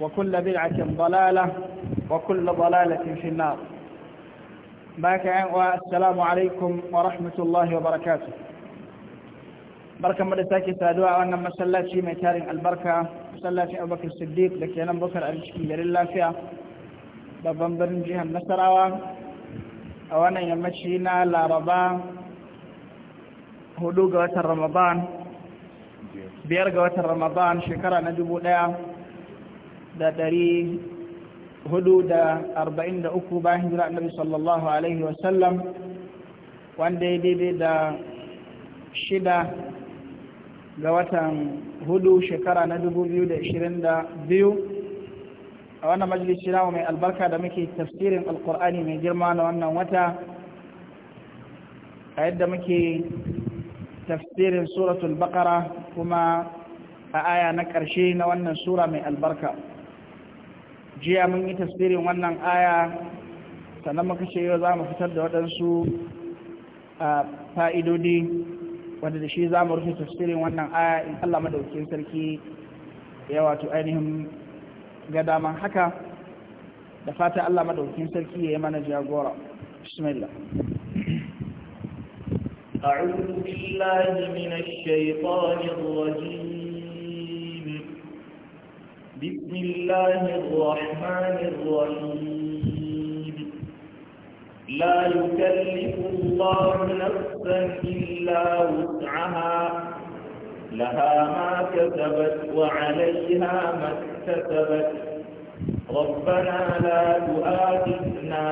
وكل بدعة ضلالة وكل ضلالة في النار باك والسلام عليكم ورحمة الله وبركاته بركة مدتاك سادوا وانا مسلاتي ميتارين البركة مسلاتي أبو بكر الصديق لكي أنا بكر أرشكي لله فيها babban birnin jihar nasarawa a wannan yammaci na laraba hudu ga watan ramadan biyar ga watan ramadan shekara na dubu daya da ɗari hudu da arba'in da uku bayan hijira annabi sallallahu alaihi wasallam wanda ya daidai da shida ga watan hudu shekara na dubu biyu da ishirin da biyu a wannan majalisi namu mai albarka da muke tafsirin alkur'ani mai girma na wannan wata a yadda muke tafsirin suratul bakara kuma a aya na ƙarshe na wannan sura mai albarka jiya mun yi tasirin wannan aya sannan muka ce yau za mu fitar da waɗansu fa'idodi wanda da shi za mu rufe tasirin wannan aya in Allah madaukin sarki ya wato ainihin ga daman haka da fata Allah madaukin sarki ya yi mana jagora bismillah أعوذ بالله من الشيطان الرجيم بسم الله الرحمن الرحيم لا يكلف الله نفسا إلا وسعها لها ما كسبت وعليها ما اكتسبت ربنا لا تؤاخذنا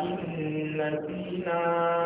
إن نسينا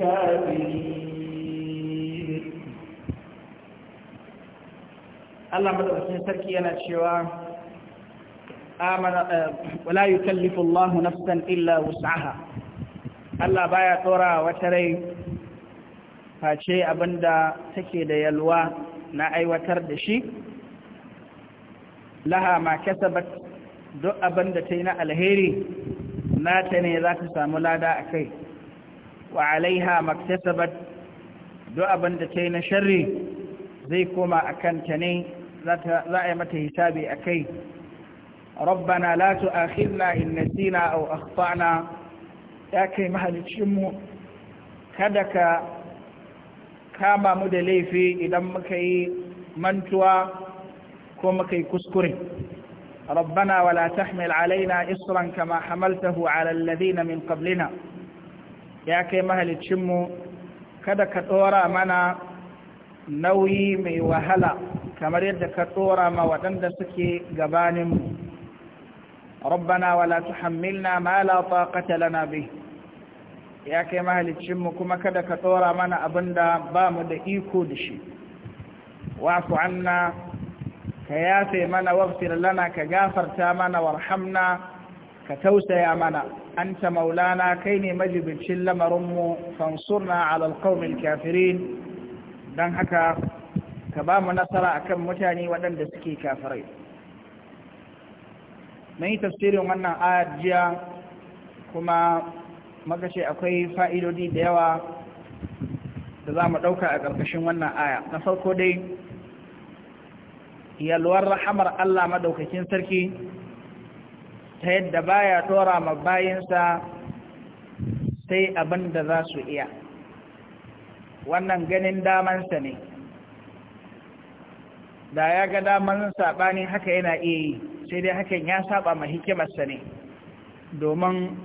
الكافرين الله مدعوكين سركي أنا شواء آمن ولا يكلف الله نفسا إلا وسعها الله بايا وتري face da take da yalwa na aiwatar da shi laha ma kasabat duk abin da ta yi na alheri nata ne za ta samu lada a kai wa alaiha maktasabat duk abin da ta yi na sharri zai koma a kanta ne za a yi mata hisabi a kai rabbana la tu'akhidna in nasina aw akhtana ya kai mahalicinmu kada ka kama mu da laifi idan muka yi mantuwa ko muka yi kuskure ربنا ولا تحمل علينا إصرا كما حملته على الذين من قبلنا ya kai mahalicinmu kada ka ɗora mana nauyi mai wahala kamar yadda ka ɗora ma waɗanda suke gabaninmu rabbana wala tuhammilna ma la taqata lana به ya kai mu kuma kada ka ɗora mana abinda ba mu da iko da shi wafu anna ka yafe mana wafsir lana ka gafarta mana warhamna ka tausaya mana anta maulana kai ne majibicin lamarinmu fansurna a alqaumil kafirin dan haka ka ba mu nasara kan mutane waɗanda suke kafirai mun yi tafsirin wannan ayar jiya kuma maka ce akwai fa'idodi da yawa da za mu ɗauka a ƙarƙashin wannan aya na farko dai iyalwar rahamar Allah madaukakin sarki ta yadda baya tora ma bayinsa sai abin da za su iya wannan ganin damansa ne da ya ga daman saɓani haka yana iya yi sai dai hakan ya saba ma hikimarsa ne domin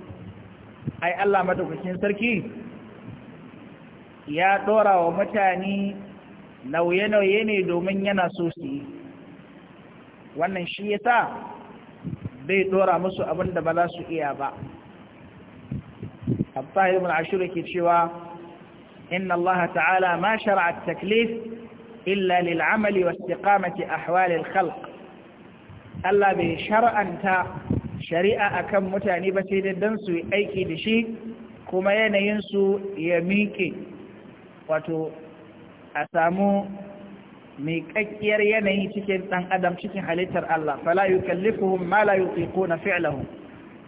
ai Allah madaukakin sarki ya ɗora wa mutane nauye-nauye ne domin yana so su yi wannan shi ya sa zai dora musu abin da ba za su iya ba abtahi ibn ashur yake cewa inna Allah ta'ala ma shar'a taklif illa lil 'amali wa istiqamati ahwal khalq Allah bai shar'anta shari'a akan mutane ba sai dan su aiki da shi kuma yanayin su ya miƙe wato a samu mai kakkiyar yanayi cikin dan adam cikin halittar Allah fala yukallifuhum ma la yutiquna fi'lahu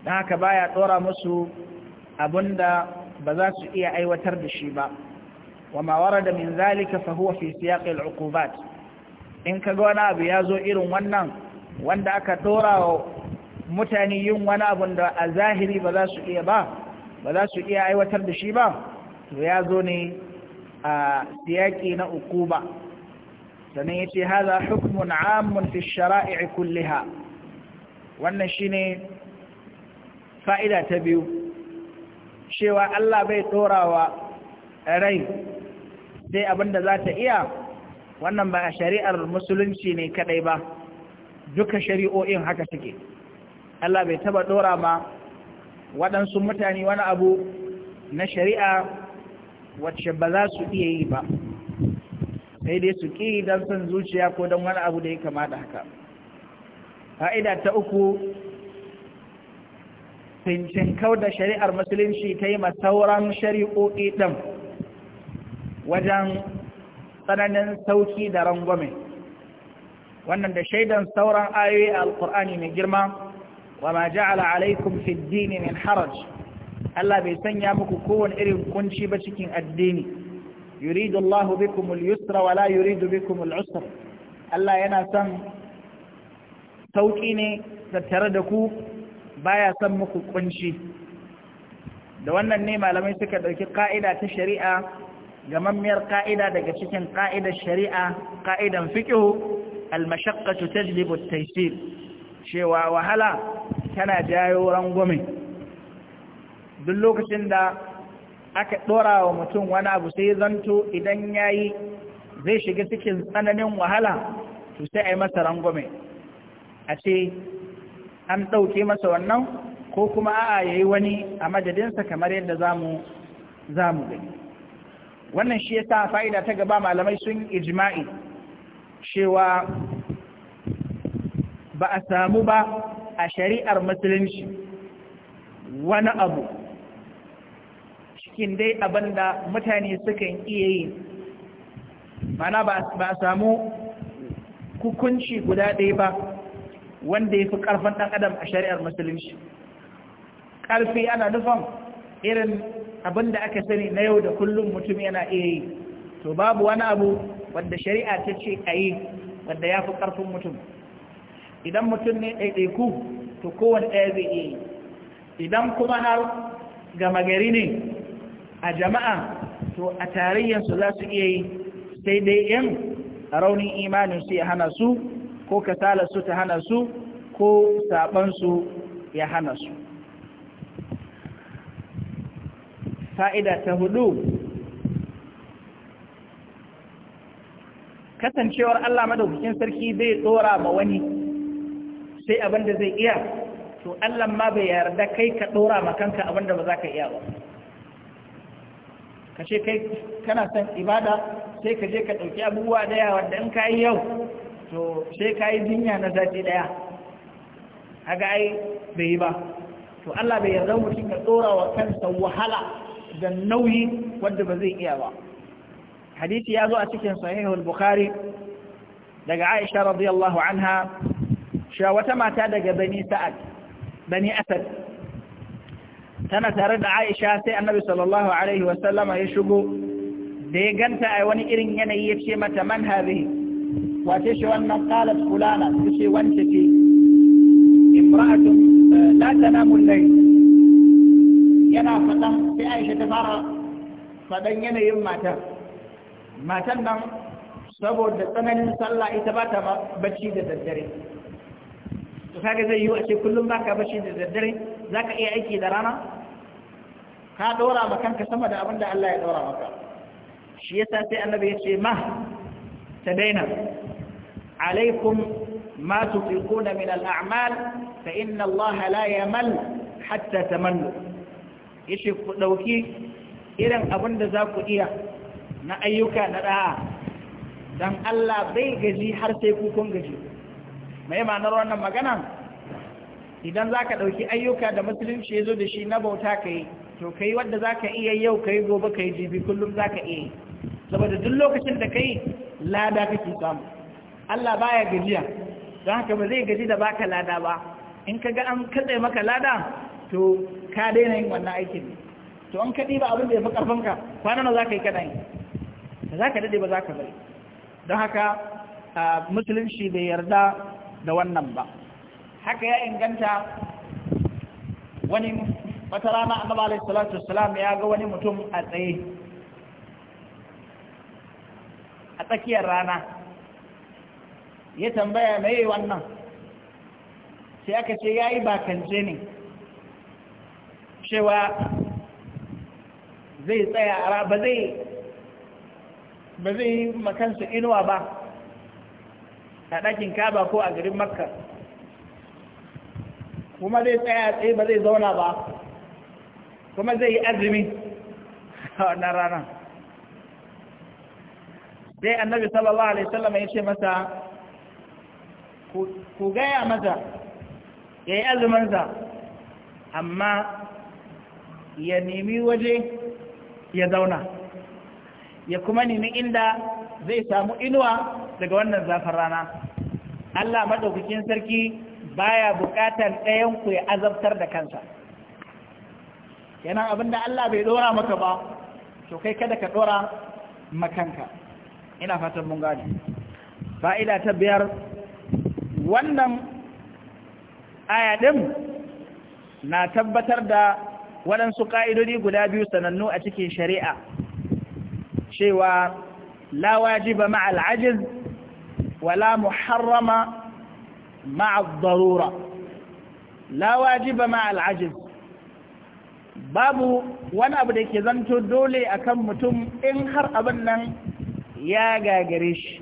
dan haka baya dora musu abunda ba za su iya aiwatar da shi ba wama warada min zalika fa huwa fi siyaq al-uqubat in kaga wani abu yazo irin wannan wanda aka dora wa mutane yin wani abu da a zahiri ba za su iya ba ba za su iya aiwatar da shi ba to zo ne a siyaki na ukuba. sannan ya ce haza hukumun amun fi kulliha wannan shine fa'ida ta biyu cewa Allah bai wa rai sai abinda za ta iya wannan ba a shari'ar musulunci ne kadai ba duka shari'o'in haka suke Allah bai taba dora ma waɗansu mutane wani abu na shari'a wacce ba za su iya yi ba sai dai su ƙi don son zuciya ko don wani abu da ya kamata haka fa'ida ta uku kau da shari'ar musulunci ta yi masauran shari'o'i ɗin wajen tsananin sauki da rangwame wannan da shaidan sauran ayoyi a Alƙur'ani mai girma wa ma ja'ala alaikum fiddini min haraj Allah bai sanya muku kowane irin kunci ba cikin addini yuridu Allahu bikum al-yusra wa la yuridu bikum al-usra Allah yana son sauki ne tattare da ku baya son muku kunshi da wannan ne malamai suka dauki ka'ida ta shari'a gamammiyar ka'ida daga cikin ka'idar shari'a ka'idan fiqh al-mashaqqatu tajlibu at-taysir cewa wahala tana jayo rangwame duk lokacin da aka ɗora wa mutum wani abu sai zanto idan ya yi zai shiga cikin tsananin wahala to sai a yi masa rangwame a ce an ɗauke masa wannan ko kuma a'a ya yi wani a madadinsa kamar yadda za mu gani wannan shi ya sa fa'ida ta gaba malamai sun ijma'i cewa ba a samu ba a shari'ar musulunci wani abu cikin dai abin da mutane suka iya yi mana ba a samu hukunci guda ɗaya ba wanda ya fi ƙarfin ɗan adam a shari'ar musulunci ƙarfi ana nufan irin abin da aka sani na yau da kullum mutum yana iya yi to babu wani abu wanda shari'a ta ce a yi wanda ya fi ƙarfin mutum idan mutum ne ɗaiɗaiku to kowane ɗaya zai iya yi idan kuma har gama gari ne a jama'a to a tarayyarsu za su iya yi sai dai yan raunin imanin su ya hana su ko su ta hana su ko saɓansu ya hana su fa'ida ta hudu kasancewar Allah madaukakin sarki bai tsora ma wani sai abin zai iya to Allah ma bai yarda kai ka tsora ma kanka abin da ba za ka iya ba ka ce kai kana son ibada sai ka je ka ɗauki abubuwa daya wadda in ka yi yau to sai ka yi jinya na zafi ɗaya a ga ai bai yi ba to Allah bai yarda mutum ka tsora wa kansa wahala da nauyi wadda ba zai iya ba hadisi ya zo a cikin sahihul bukhari daga aisha radiyallahu anha sha wata mata daga bani sa'ad bani asad tana tare da Aisha sai Annabi sallallahu alaihi wasallama ya shigo da ya ganta a wani irin yanayi ya ce mata man hadhihi wace shi wannan qalat fulana tace wance ce imra'atun eh, la tanamu al-layl yana fadan sai Aisha ta fara fadan yanayin matar matan nan saboda tsananin sallah ita ba ta bacci da daddare to kaga zai yi a ce kullum baka bacci da daddare za ka iya aiki da rana ka ɗora ma kanka sama da abin da Allah ya ɗora maka shi yasa sai annabi ya ce ma ta daina alaikum ma tufiquna min al'amal fa inna Allah la yamal hatta tamannu yace ku dauki irin abin da za ku iya na ayyuka na da'a dan Allah bai gaji har sai ku kun gaji mai ma'anar wannan magana idan za ka ɗauki ayyuka da musulunci ya zo da shi na bauta ka yi to ka yi wadda za ka iya yau ka yi gobe ka yi jibi kullum za ka iya yi saboda duk lokacin da ka yi lada kake samu Allah baya gajiya don haka ba zai gaji da baka lada ba in ka ga an katse maka lada to ka daina yin wannan aikin to an kaɗi ba abin da ya fi ka kwana na za ka yi kana yi ba za ka daɗe ba za ka bari don haka ah, musulunci bai yarda da wannan ba haka ya inganta wani wata rana annaba alaihi salatu wassalam ya ga wani mutum a tsaye a tsakiyar rana ya tambaya mai wannan sai aka ce yi bakance ne cewa zai tsaya a raba zai ba zai yi makansu inuwa ba a ɗakin kaba ko a garin makka kuma zai tsaya tsaye ba zai zauna ba kuma zai yi azumi a wannan ranar sai annabi sallallahu alaihi wasallam ya ce masa ku gaya masa ya yi azuminsa amma ya nemi waje ya zauna ya kuma nemi inda zai samu inuwa daga wannan zafin rana Allah maɗaukakin sarki baya buƙatar ɗayan ku ya azabtar da kansa kenan abinda Allah bai dora maka ba to kai kada ka dora makanka ina fatan mun gane fa'ida ta biyar wannan aya na tabbatar da waɗansu ƙa'idodi guda biyu sanannu a cikin shari'a cewa la wajiba ma'al ajiz wala muharrama مع الضرورة لا واجب مع babu wani abu da ke zanto dole akan mutum in har abin nan ya gagare shi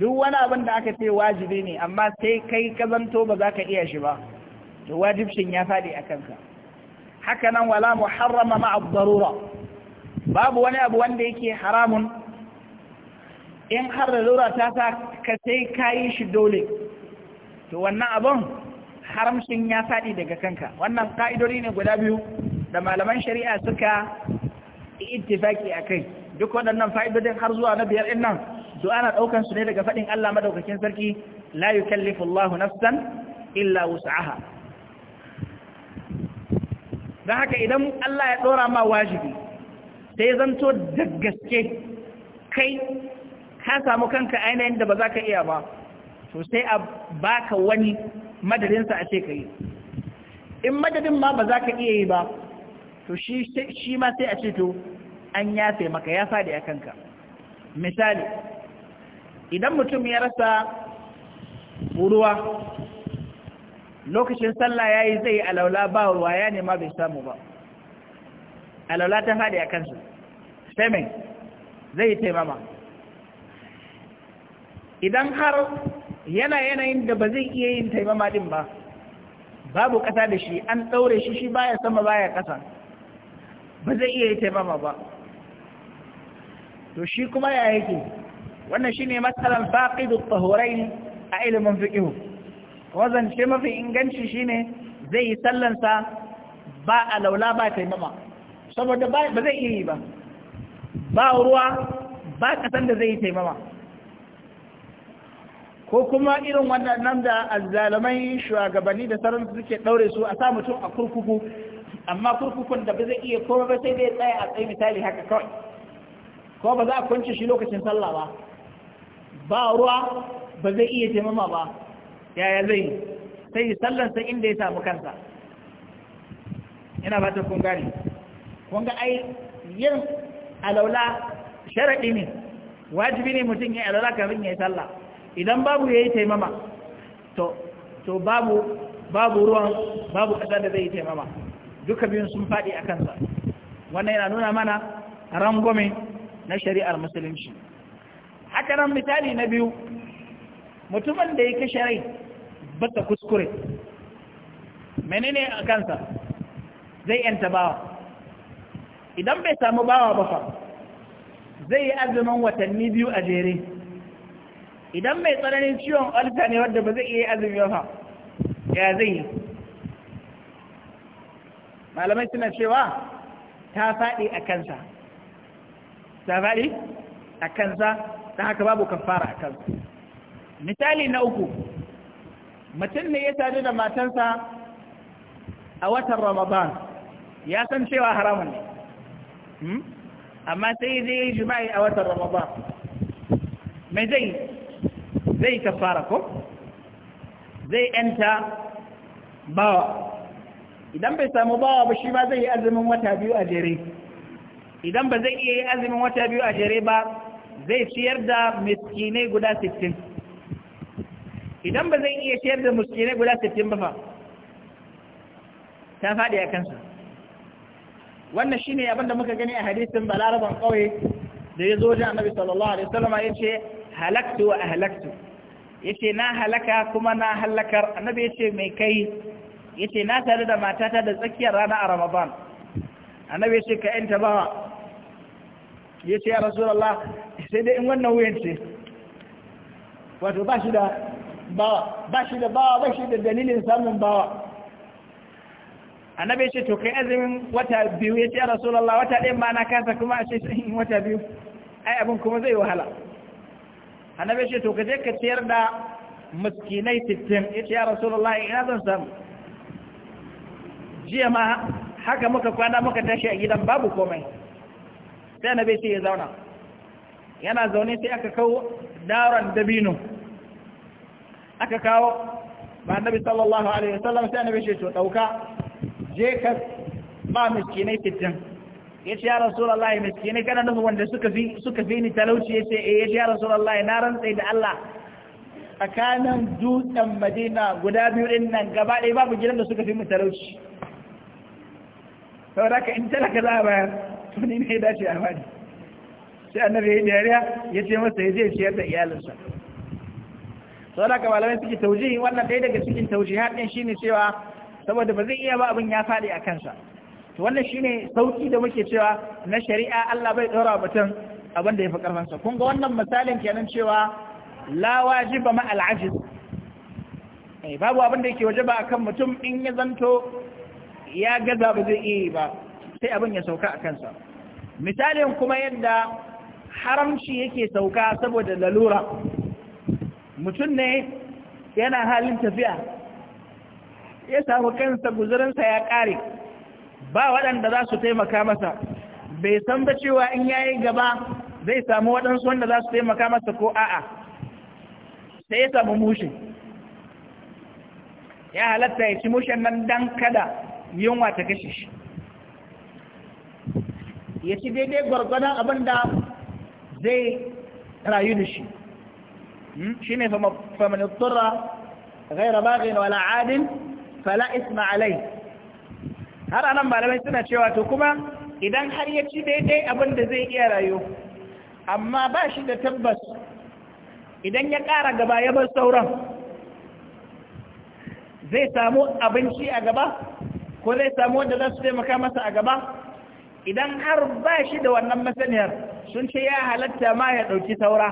duk wani abin da aka ce wajibi ne amma sai kai ka zanto ba za ka iya shi ba to wajibcin ya faɗi a kanka haka wala muharrama ma'a babu wani abu wanda yake haramun in har da lura ta sa ka sai ka yi shi dole to wannan abin haramcin ya faɗi daga kanka wannan ƙa'idori ne guda biyu da malaman shari'a suka ittifaki a kai duk waɗannan fa'idodin har zuwa na biyar nan to ana ɗaukan su ne daga faɗin Allah madaukakin sarki la yukallifu Allahu nafsan illa wus'aha dan haka idan Allah ya ɗora ma wajibi sai zanto da gaske kai ka samu kanka ainihin da ba za ka iya ba to sai a baka wani madadinsa a ce ka yi in madadin ma ba za ka iya yi ba to shi ma sai a ce to an yafe maka ya faɗi a kanka misali idan mutum ya rasa ruwa lokacin sallah ya yi zai alaula ba ruwa ya nema bai samu ba alaula ta faɗi a kansa sai mai zai taimama idan har yana yanayin da ba zai iya yin taimama din ba babu ƙasa da shi an ɗaure shi shi baya sama baya kasa ba zai iya yi taimama ba to shi kuma ya yake wannan shi ne matsalar da tsohorai a ilimin fiƙihu kuma zance mafi inganci shi ne zai yi sallansa ba a laula ba taimama saboda ba zai iya yi ba ba ruwa ba kasan da zai yi taimama ko kuma irin wannan da azzalamai shugabanni da sauran suke daure su a sa mutum a kurkuku amma kurkukun da ba zai iya ko ba sai dai tsaya a tsaye misali haka kawai ko ba za a kwanci shi lokacin sallah ba ba ruwa ba zai iya taimama ba yaya zai yi sai yi sai inda ya samu kansa ina kun ta Kun ga ai yin alaula sharaɗi ne wajibi ne mutum ya alaula kafin ya yi sallah idan babu ya yi taimama to babu ruwan babu ƙasa da zai yi taimama duka biyun sun faɗi a kansa wannan yana nuna mana rangwame na shari'ar musulunci haka nan misali na biyu mutumin da ya kashe rai bata kuskure menene a kansa zai yanta bawa idan bai samu bawa ba fa zai yi azumin watanni biyu a jere idan mai tsananin ciwon alta ne wadda ba zai iya azumi ba ya zai yi malamai suna cewa ta faɗi a kansa ta faɗi a kansa ta haka babu kafara a kansa misali na uku mutum ne ya sadu da matansa a watan ramadan ya san cewa haramun ne hmm? amma sai zai yi jima'i a watan ramadan mai zai yi. zai kafara ko zai yanta bawa idan bai samu bawa ba shi ba zai yi azumin wata biyu a jere idan ba zai iya yi azumin wata biyu a jere ba zai ciyar da miskinai guda 60 idan ba zai iya ciyar da miskinai guda ba ta faɗi a kansa wannan shi ne abinda muka gani a hadisin balaraban ƙauye da ya zo wajen sallallahu alaihi ya ce halaktu wa yace na halaka kuma na halakar annabi yace mai kai yace na tare da matata da tsakiyar rana a ramadan annabi yace ka yanta ba yace ya rasulullah sai dai in wannan wuyan ce wato ba shi da bawa ba shi da bawa ba shi da dalilin samun bawa annabi yace to kai azumin wata biyu yace ya rasulullah wata ɗaya ma na kasa kuma a ce wata biyu ai abin kuma zai wahala annabi ce to ka je ka ciyar da miskinai sittin ya ce ya rasulullahi ina zan san. jiya ma haka muka kwana muka tashi a gidan babu komai sai annabi ce ya zauna yana zaune sai aka kawo daron dabino aka kawo ba annabi sallallahu alaihi wasallam sai annabi ce to dauka je ka ba miskinai sittin ya ce ya ya ne kana nufin wanda suka fi ni talauci ya ce eh ya ce ya rasulallah na rantse da Allah tsakanin dutsen madina guda biyu din nan gaba ɗaya babu gidan da suka fi mu talauci sau da ka in talaka za a bayar tuni ne dace a bani sai annabi ya yi dariya ya ce masa ya je ciyar da iyalinsa sau da ka malamai suke taujihi wannan ɗaya daga cikin taujihi haɗin shine cewa saboda ba zai iya ba abin ya faɗi a kansa to wannan shine sauki da muke cewa na shari'a Allah bai ɗora mutum abin da ya fi ƙarfansa kun ga wannan misalin kenan cewa la wajiba ma al'ajiz eh babu abin da yake wajaba akan mutum in ya zanto ya gaza ba zai iya ba sai abin ya sauka a kansa misalin kuma yadda haramci yake sauka saboda lalura mutum ne yana halin tafiya ya samu kansa guzurinsa ya ƙare ba waɗanda za su taimaka masa bai san ba cewa in yayi gaba zai samu waɗansu wanda za su taimaka masa ko a'a sai ya samu mushe ya halatta ya ci mushen nan dan kada yunwa ta kashe shi ya ci daidai gwargwadon abin da zai rayu da shi hmm? shi ne famanittura غير باغ ولا عاد فلا har anan malamai suna cewa to kuma idan har ya ci daidai abin da zai iya rayu amma ba shi da tabbas idan ya kara gaba ya bar sauran zai samu abinci a gaba ko zai samu wanda za su taimaka masa a gaba idan har ba shi da wannan masaniyar sun ce ya halatta ma ya ɗauki saura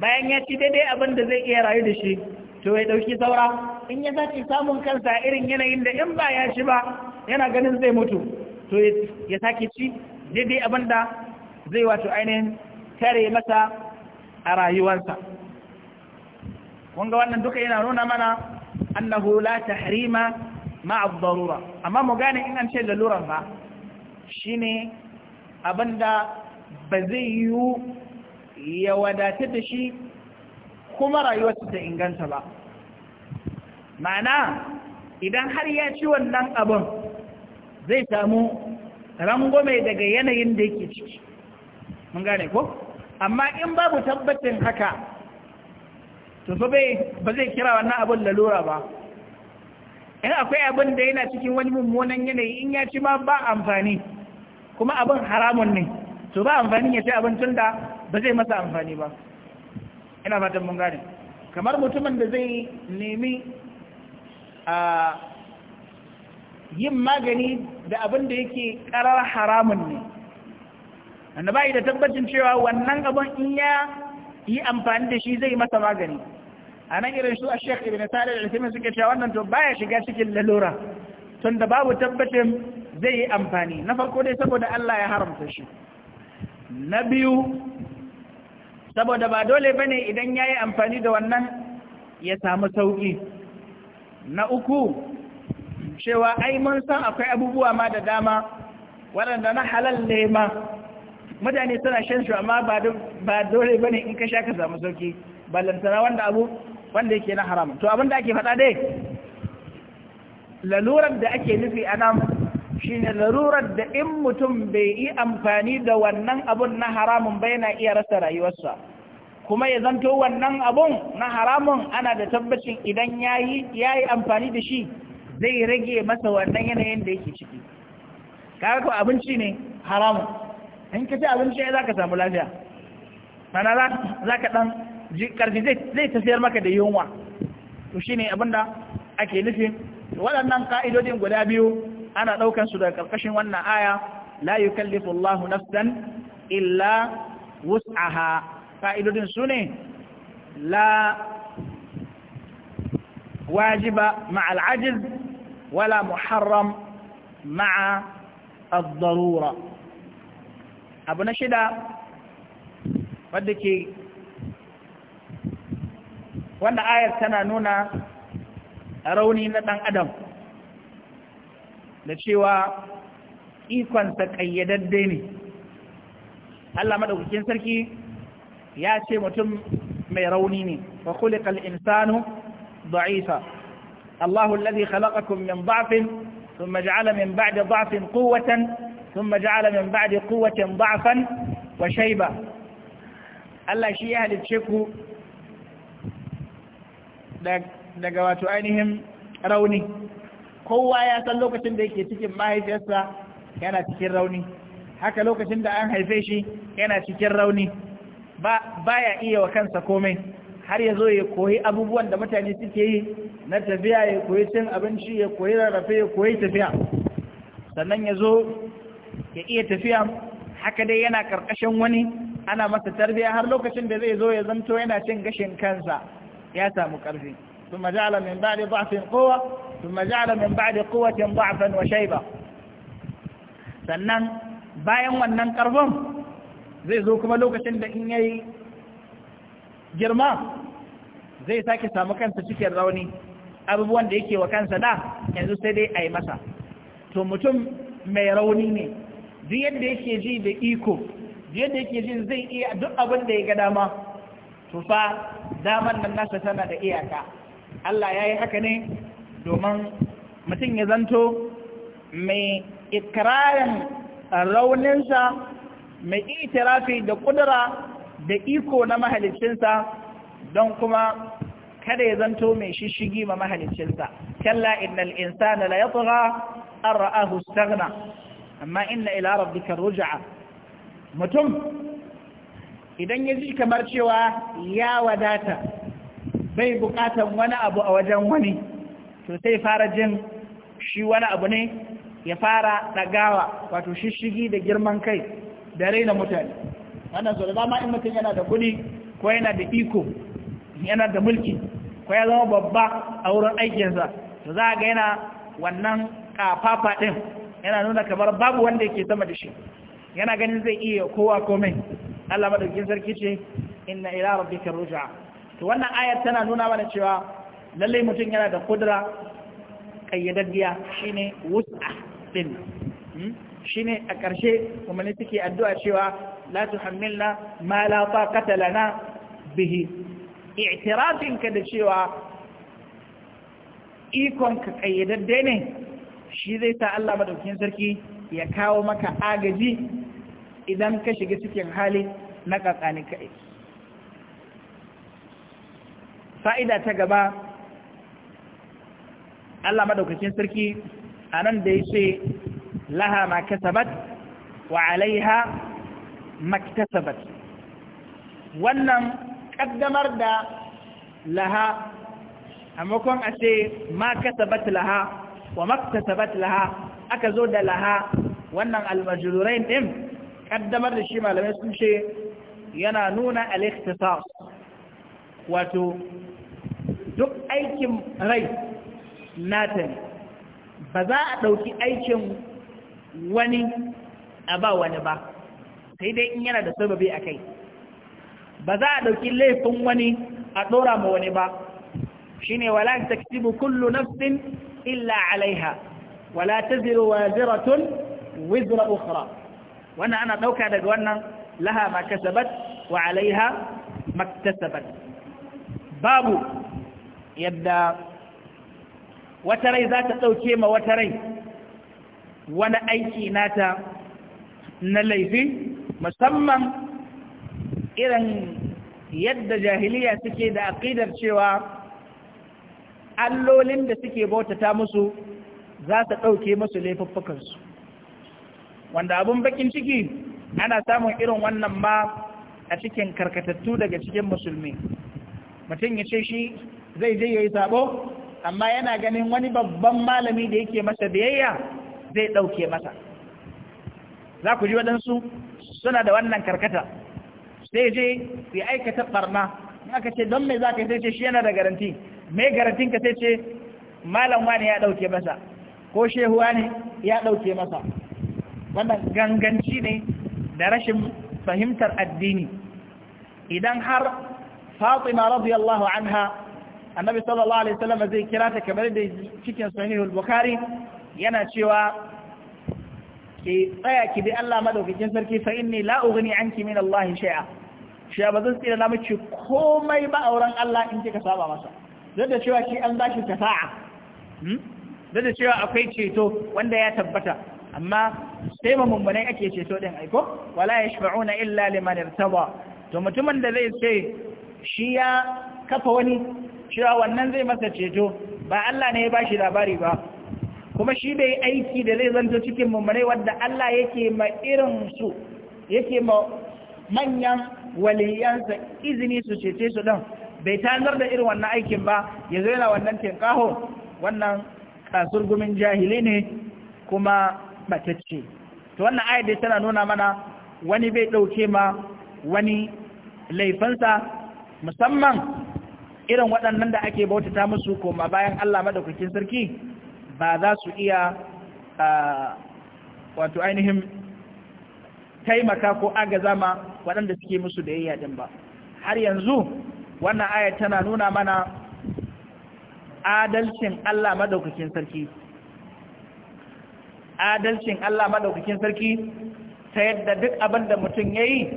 bayan ya ci daidai abin da zai iya rayu da shi to ya ɗauki saura in ya sace samun kansa irin yanayin da in ba ya shi ba yana ganin zai mutu to ya sake ci daidai abin da zai wato ainihin tare masa a rayuwarsa kunga wannan duka yana nuna mana annahu la tahrima ma'a darura amma mu gane in an ce laluran ba shine abinda ba zai yiwu ya wadata da shi kuma rayuwarsa ta inganta ba ma'ana idan har ya ci wannan abun. zai samu rangwame daga yanayin da yake ciki mun gane ko amma in babu tabbacin haka to fa bai ba zai kira wannan abin lalura ba in akwai abin da yana cikin wani mummunan yanayi in ya ci ma ba amfani kuma abin haramun ne to ba amfani ya ce abin tun da ba zai masa amfani ba ina fatan mun gane kamar mutumin da zai nemi a yin magani da abin da yake karar haramun ne wanda ba da tabbacin cewa wannan abin in ya yi amfani da shi zai masa magani a nan irin su a shek ibn na al-ismin suke cewa wannan to baya shiga cikin lalura tunda babu tabbacin zai yi amfani na farko dai saboda Allah ya haramta shi na biyu saboda ba dole ba ne idan ya yi amfani da wannan ya samu sauƙi. na uku cewa ai mun san akwai abubuwa ma da dama waɗanda na halal ne ma mutane suna shan shi amma ba dole ba ne in ka sha ka samu sauki ballantana wanda abu wanda yake na haram to abin da ake faɗa dai lalurar da ake nufi a nan shi ne lalurar da in mutum bai yi amfani da wannan abun na haramun ba yana iya rasa rayuwarsa kuma ya zanto wannan abun na haramun ana da tabbacin idan ya yi amfani da shi zai rage masa wannan yanayin da yake ciki kaga ko abinci ne haramu in ka ci abinci za zaka samu lafiya mana za ka dan karfi zai tafiyar maka da yunwa to shine abinda ake nufi waɗannan ka'idodin guda biyu ana ɗaukan su daga ƙarƙashin wannan aya la yukallifu Allahu nafsan illa wus'aha ka'idodin su ne la wajiba ma'al ajiz Wala محرم مع الضرورة abu na shida wadda ke wannan ayar tana nuna rauni na ɗan adam da cewa ikonsa ƙayyadadde ne Allah maɗaukakin sarki ya ce mutum mai rauni ne wa kulikal insanu da'ifa الله الذي خلقكم من ضعف ثم جعل من بعد ضعف قوة ثم جعل من بعد قوة ضعفا وشيبة ألا شيء أهل تشكو دقوات أينهم روني قوة يا سلوكة ديك يتكب ما هي فيسا كان تكر روني haka lokacin da an فيشي shi yana cikin rauni ba ya iya wa kansa har ya zo ya koyi abubuwan da mutane suke yi na tafiya ya koyi cin abinci ya koyi rarrafe ya koyi tafiya sannan ya zo ya iya tafiya haka dai yana karkashin wani ana masa tarbiya har lokacin da zai zo ya zanto yana cin gashin kansa ya samu karfi ثم جعل من بعد ضعف قوة ثم جعل من بعد قوة ضعفا وشيبة sannan bayan wannan karfin zai zo kuma lokacin da in yayi girma zai sake samu kansa cikin rauni abubuwan da yake wa kansa da yanzu sai dai a yi masa to mutum mai rauni ne duk yadda yake ji da iko duk yadda yake ji zai iya duk abin da ya ga dama to fa daman nan nasa tana da iyaka Allah ya yi haka ne domin mutum ya zanto mai ikirarin rauninsa mai itirafi da kudura da iko na mahalicinsa don kuma kada ya zanto mai shishigi ma mahalicinsa kalla innal insana la yatgha an ra'ahu istaghna amma inna ila rabbika ruj'a mutum idan ya ji kamar cewa ya wadata bai bukatan wani abu a wajen wani to sai fara jin shi wani abu ne ya fara dagawa wato shishigi da girman kai da raina mutane ana so da dama in mutum yana da kuɗi ko yana da iko yana da mulki ko ya zama babba a wurin aikinsa to za a ga yana wannan kafafa ɗin yana nuna kamar babu wanda yake sama da shi yana ganin zai iya kowa komai Allah madaukakin sarki ce inna ila rabbika ruj'a to wannan ayar tana nuna mana cewa lalle mutum yana da kudura kayyadaddiya shine wus'a din hmm? shine a karshe kuma ne take addu'a cewa la tuhammilna ma la bihi i'tirafin da cewa ikon ka kayyadadde ne shi zai sa Allah madaukakin sarki ya kawo maka agaji idan ka shiga cikin hali na kakani kai fa'ida ta gaba Allah madaukakin sarki a nan da ya ce laha ma kasabat wa alaiha maktasabat wannan kaddamar da laha a makon a ce ma kasabat laha wa maktasabat laha aka zo da laha wannan almajrurain din kaddamar da shi malamai sun ce yana nuna al-ikhtisas wato duk aikin rai nata ne ba za a ɗauki aikin wani a ba wani ba sai dai in yana da sababi a kai ba za a ɗauki laifin wani a ɗora ma wani ba shi ne wala taktibu kullu nafsin illa alaiha wala taziru wa ziratun wizra ukhra wannan ana ɗauka daga wannan laha ma kasabat wa alaiha maktasabat babu yadda wata rai za ta ɗauke ma wata rai wani aiki nata na laifi musamman irin yadda jahiliya suke da aƙidar cewa allolin da suke bautata musu za su ɗauke musu laifuffukansu wanda abun bakin ciki ana samun irin wannan ma a cikin karkatattu daga cikin musulmi mutum ya ce shi zai je ya yi sabo amma yana ganin wani babban malami da yake masa biyayya zai ɗauke masa za ku ji waɗansu suna da wannan karkata sai je sai aikata barna aka ce don me za ka sai ce shi yana da garanti mai garantin ka sai ce malam wani ya ɗauke masa ko shehu wani ya ɗauke masa wannan ganganci ne da rashin fahimtar addini idan har fatima radiyallahu anha annabi sallallahu alaihi wasallam zai kira ta kamar da cikin sahihul bukhari yana cewa ki tsaya ki bi Allah madaukakin sarki fa inni la ughni anki min Allah shay'a shi ba zan tsira na miki komai ba auren Allah in kika saba masa zai da cewa ki an bashi tafa'a zai hmm? da cewa akwai ceto wanda ya tabbata amma sai mummunai ake ceto din aiko wala yashfa'una illa liman irtada to mutumin da zai ce shi ya kafa wani cewa wannan zai masa ceto ba Allah ne ya bashi labari ba kuma shi bai aiki da zai zanto cikin mummunai wadda Allah yake ma irinsu yake ma manyan waliyansa izini su cece su don bai tanar da irin wannan aikin ba ya zai yana wannan tenkaho wannan kasurgumin jahili ne kuma matacce to wannan ayar da tana nuna mana wani bai ɗauke ma wani laifinsa musamman irin waɗannan da ake bautata musu koma bayan Allah madaukakin sarki ba za su iya wato ainihin taimaka ko agazama waɗanda suke musu da yayya ba har yanzu wannan ayat tana nuna mana adalcin Allah madaukakin sarki adalcin Allah madaukakin sarki ta yadda duk abin da mutum yayi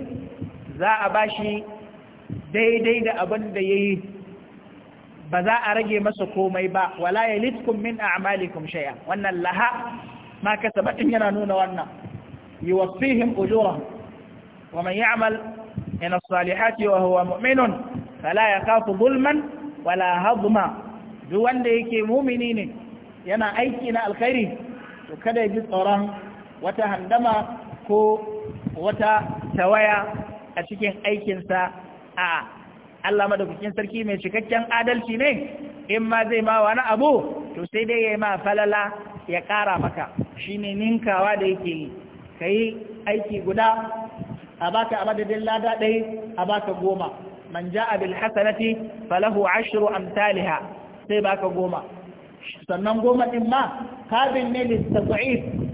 za a bashi daidai da abin da yayi ba za a rage masa komai ba wala yalitkum min a'malikum shay'a wannan laha ma in yana nuna wannan yuwaffihim ujurahum wa man ya'mal min as-salihati wa huwa mu'minun fala yakhafu zulman wala hadma duk wanda yake mu'mini ne yana aiki na alkhairi to kada ya ji tsoron wata handama ko wata tawaya a cikin aikinsa a Allah madaukakin sarki mai cikakken adalci ne in ma zai ma wani abu to sai dai ya yi ma falala ya ƙara maka shi ne ninkawa da yake yi ka yi aiki guda a baka a madadin lada ɗai a baka goma man ja abil hasanati falahu ashiru amsaliha sai baka goma sannan goma ɗin ma kabin ne lissa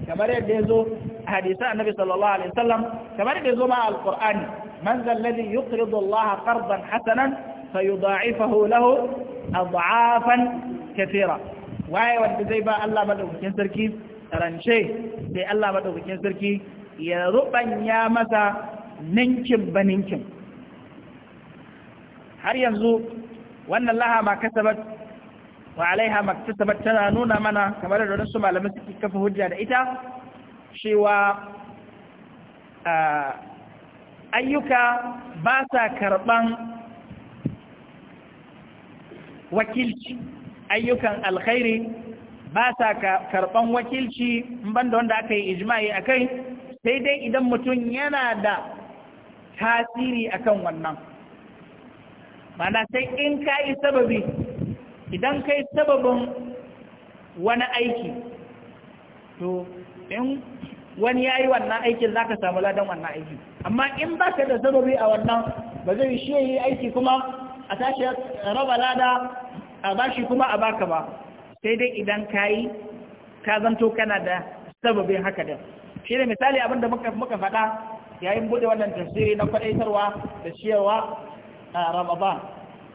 kamar yadda ya zo hadisan annabi sallallahu alaihi wasallam kamar da zuma alqur'ani man zal ladhi yuqridu Allah qardan hasanan fayudha'ifahu lahu ad'afan katira waye wanda zai ba Allah madaukakin sarki rance sai Allah madaukakin sarki ya rubanya masa ninkin ba ninkin har yanzu wannan laha ma kasabat wa alaiha ma tana nuna mana kamar da wadansu malamai suke kafa hujja da ita cewa ayyuka ba sa karɓan wakilci ayyukan alkhairi ba sa karɓan wakilci banda wanda aka yi ijima'i a kai sai dai idan mutum yana da tasiri akan wannan mana sai in ka yi sababi idan ka yi sababin wani aiki to in wani ya yi wannan aikin za ka samu ladan wannan aiki amma in ba ka da sababi a wannan ba zai shi yi aiki kuma a tashi raba lada a bashi kuma a baka ba sai dai idan ka yi ka zanto kana da sababin haka da shi da misali abin da muka faɗa yayin buɗe wannan tafsiri na kwaɗaitarwa da ciyarwa a ramadan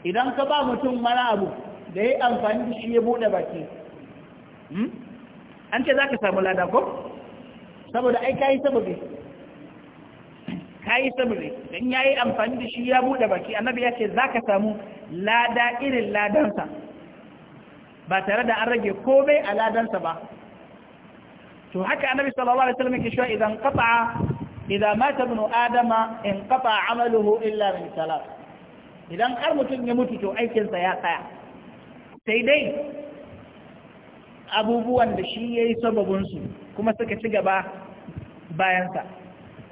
idan ka ba mutum mana abu da ya yi amfani da shi ya buɗe baki hmm? an ce za ka samu lada ko saboda ai kayi sababi kayi sababi ya yi amfani da shi ya bude baki annabi ya ce za ka samu lada irin ladansa ba tare da an rage komai a ladansa ba to haka annabi sallallahu alaihi wasallam yake cewa idan qata'a idan mata ibn adama in qata'a amaluhu illa min salat idan har mutum ya mutu to aikinsa ya tsaya sai dai abubuwan da shi yayi sababin su kuma suka ci gaba bayansa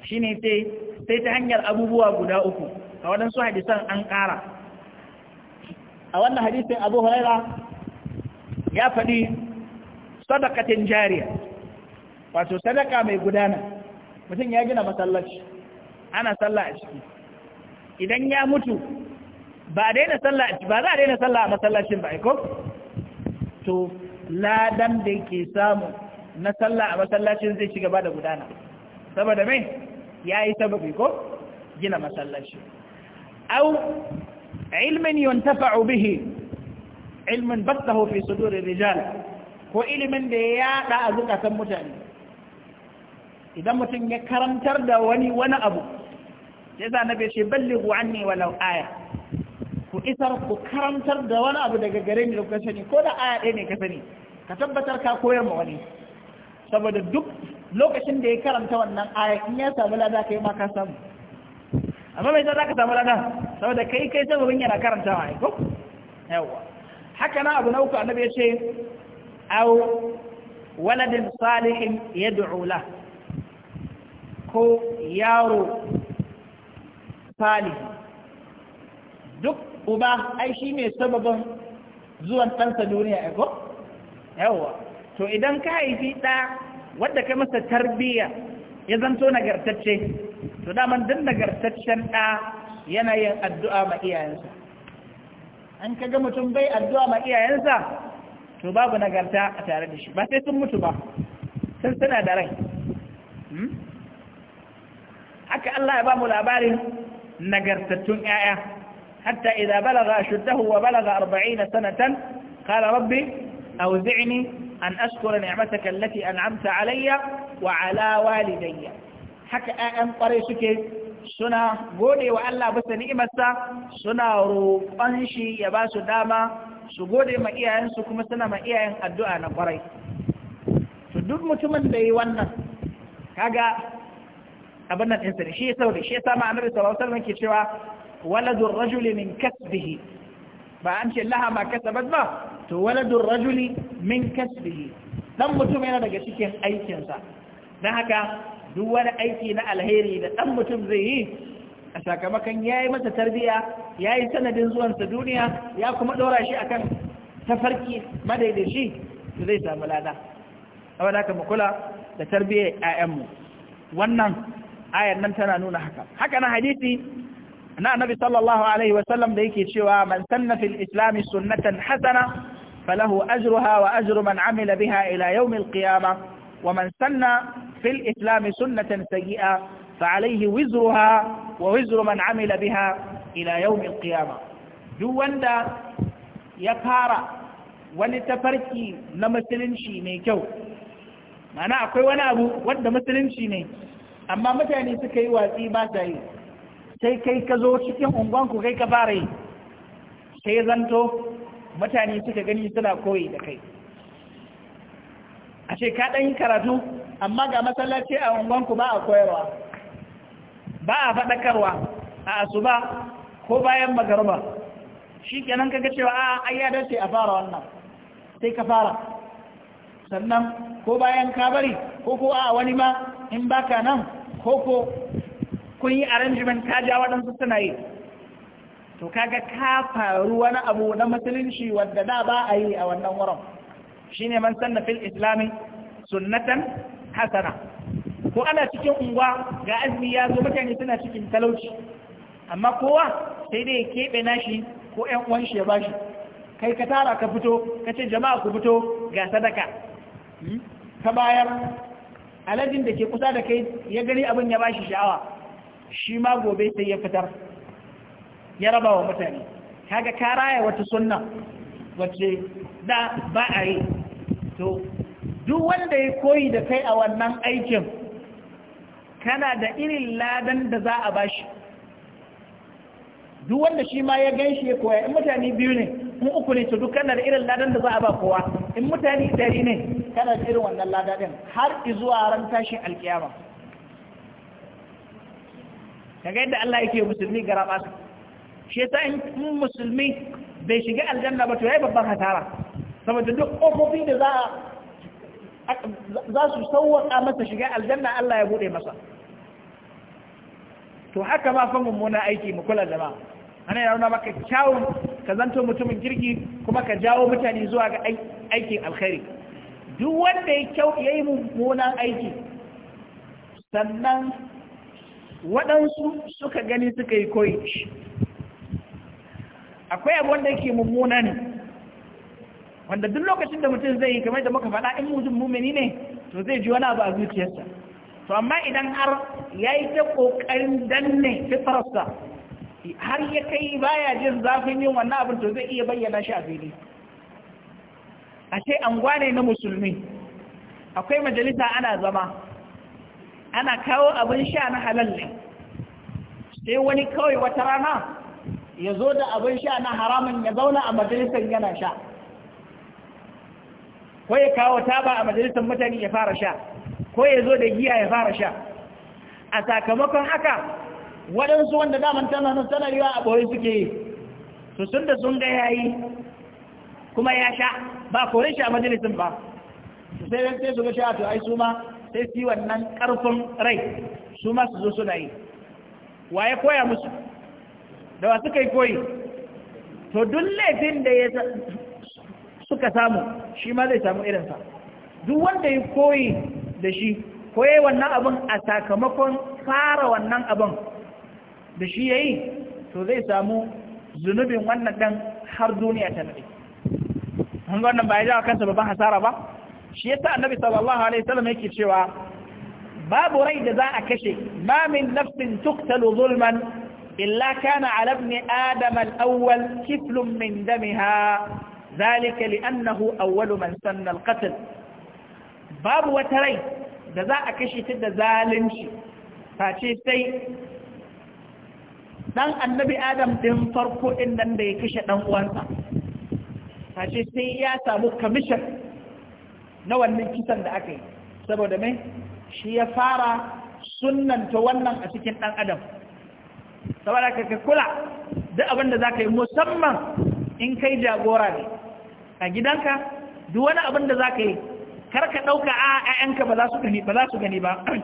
shi ne sai ta hanyar abubuwa guda uku a waɗansu hadisan an ƙara a wannan hadisin abu huraira ya faɗi sadakatin jariya wato sadaka mai gudana mutum ya gina masallaci ana sallah a ciki idan ya mutu ba daina sallah ba za a daina sallah a masallacin ba ko to ladan da ke samu na sallah a masallacin zai ci gaba da gudana saboda mai ya yi sababi ko gina masallaci au ilmin yuntafa'u bihi ilmin battahu fi sudurir rijal ko ilimin da ya yada a zukatan mutane idan mutum ya karantar da wani wani abu ya zanabe shi ballighu anni walau aya ku isar ku karantar da wani abu daga gare ni da kuka sani ko da aya ɗaya ne ka sani ka tabbatar ka koyar ma wani saboda duk lokacin da ya karanta wannan aya in ya samu lada kai ma ka samu amma mai za ka samu lada saboda kai kai sababin yana karanta wa ko yawa haka na abu na uku annabi ya ce au waladin salihin ya la ko yaro salihi duk uba ai ne sababin zuwan ɗansa duniya aiko yawa to idan ka haifi ɗa wadda ka masa tarbiya ya zanto nagartacce to daman duk nagartaccen ɗa yana yin addu'a ma iyayensa an kaga mutum bai addu'a ma iyayensa to babu nagarta a tare da shi ba sai sun mutu ba sun suna da rai hmm? haka Allah ya ba mu labarin nagartattun ‘ya'ya hatta idan balaga shuddahu wa balaga arba'ina sanatan qala rabbi auzi'ni an ashkura ni'mataka allati an'amta alayya wa ala walidayya haka ƴaƴan kwarai suke suna gode Allah bisa ni'imarsa suna roƙon shi ya basu dama su gode ma iyayensu kuma suna ma iyayen addu'a na kwarai to duk mutumin da yi wannan kaga abin nan ɗinsa shi ya sau da shi ya sama annabi sallallahu alaihi wasallam ke cewa waladur rajuli min kasbihi ba an ce laha ma kasabat ba to waladun rajuli min kasbihi dan mutum yana daga cikin aikinsa na haka duk wani aiki na alheri da dan mutum zai yi a sakamakon ya yi masa tarbiya ya yi sanadin zuwansa duniya ya kuma ɗora shi akan tafarki madaidaici da zai samu lada saboda haka mu kula da tarbiyyar 'ya'yanmu wannan ayar nan tana nuna haka haka na hadisi na annabi sallallahu alaihi wasallam da yake cewa man sanna fil islam sunnatan hasana falahu ajruha wa ajru man amila biha ila yawm al qiyamah wa man sanna fil islam sunnatan sayyi'a fa alayhi wizruha wa wizru man amila biha ila yawm al qiyamah duk wanda ya fara wani tafarki na musulunci mai kyau mana akwai wani abu wanda musulunci ne amma mutane suka yi watsi ba ta yi sai kai ka zo cikin unguwanku kai ka fara yi sai zanto mutane suka gani suna koyi da kai a ce ka ɗan yi karatu amma ga masallaci a unguwanku ba a koyarwa ba a faɗakarwa a asuba ko bayan magarba shi kenan ka ga cewa a ayyadar sai a fara wannan sai ka fara sannan ko bayan ka bari, ko ko a wani ma in baka nan ko ko kun yi arrangement ka ja waɗansu suna yi to kaga ka faru wani abu na musulunci wadda da ba a yi a wannan wurin shine man sanna fil islami sunnatan hasana ko ana cikin unguwa ga azumi ya zo mutane suna cikin talauci amma kowa sai dai ya keɓe nashi ko ƴan uwan shi ya bashi kai ka tara ka fito ka ce jama'a ku fito ga sadaka hmm? ka bayar aladin da ke kusa da kai ya gani abin ya bashi sha'awa shi ma gobe sai ya fitar ya raba wa mutane kaga ka raya wata sunna wacce da ba a yi to duk wanda ya koyi da kai a wannan aikin kana da irin ladan da za a bashi duk wanda shi ma ya gan shi ya koya in mutane biyu ne in uku ne to duk kana da irin ladan da za a ba kowa in mutane dari ne kana da irin wannan ladan din har izuwa ran tashin alkiyama kaga yadda Allah yake musulmi gara basu shi yasa in musulmi bai shiga aljanna ba to yayi babban hasara saboda duk kofofi da za za su sauwaka masa shiga aljanna Allah ya bude masa to haka ma fa mummuna aiki mu kula jama'a ana yana maka kyawun ka zanto mutumin jirgi kuma ka jawo mutane zuwa ga aikin alkhairi duk wanda ya kyau yayi mummunan aiki sannan waɗansu suka gani suka yi koyi akwai abu wanda yake mummuna ne wanda duk lokacin da mutum zai yi kamar da muka faɗa in mutum mummuni ne to zai ji wani abu a zuciyarsa to amma idan har ya yi ta ƙoƙarin danne fitarsa har ya kai baya jin zafin yin wannan abin to zai iya bayyana shi a fili a ce anguwa ne na musulmi akwai majalisa ana zama ana kawo abin sha na halal ne sai wani kawai wata rana ya zo da abin sha na haramun ya zauna a majalisar yana sha ko ya kawo taba a majalisar mutane ya fara sha ko ya zo da giya ya fara sha a sakamakon haka waɗansu wanda daman tana sanarwa a ɓoye suke yi su sun da sun gaya yi kuma ya sha ba kore shi a ba sai sai su ga sha to ai su ma sai fi wannan ƙarfin rai su masu zo suna yi wa ya koya musu da wa suka yi koyi to duk laifin da ya suka samu shi ma zai samu irinsa duk wanda ya koyi da shi koye wannan abin a sakamakon fara wannan abin da shi ya yi to zai samu zunubin wannan ɗan har duniya ta nade Hanga wannan ba ya jawa kansa babban hasara ba? shi yasa annabi sallallahu alaihi wasallam yake cewa babu rai da za a kashe ma min nafsin tuqtalu zulman illa kana ala ibn adam al-awwal kiflun min damiha zalika li'annahu awwalu man sanna al-qatl babu wata rai da za a kashe ta da zalunci face sai dan annabi adam din farko din nan da ya kashe dan uwansa face sai ya samu commission na wannan kisan da aka yi saboda mai shi ya fara sunanta wannan a cikin ɗan adam saboda ka kula duk abin da za yi musamman in kai jagora ne a gidanka duk wani abin da za ka yi karka ɗauka a ah, ‘ya'yanka ba za su gani ba za su gani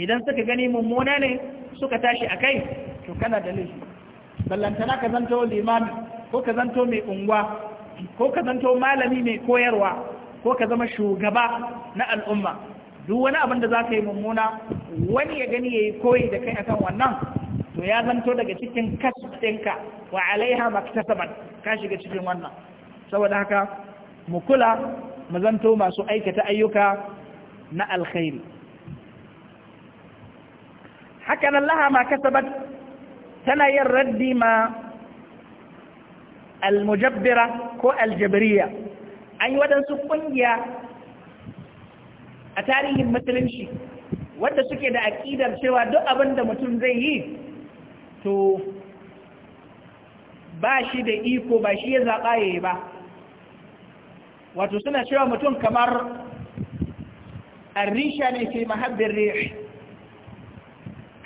idan suka gani mummuna ne suka tashi a kai to kana da laifi ballantana ka zanto limami ko ka zanto mai unguwa ko ka zanto malami mai koyarwa ko ka zama shugaba na al'umma duk wani abin da za ka yi mummuna wani ya gani ya yi koyi da kai akan wannan to ya zanto daga cikin kasɗinka wa alaiha maktasaban ka shiga cikin wannan saboda haka mu kula mu zanto masu aikata ayyuka na alkhairi haka nan laha ma kasabat tana yin raddi ma almujabbira ko aljabriya an yi waɗansu ƙungiya a tarihin musulunci wadda suke da aƙidar cewa duk abin da mutum zai yi to ba shi da iko ba shi ya zaɓa ya yi ba wato suna cewa mutum kamar arisha ne ke mahabbin rish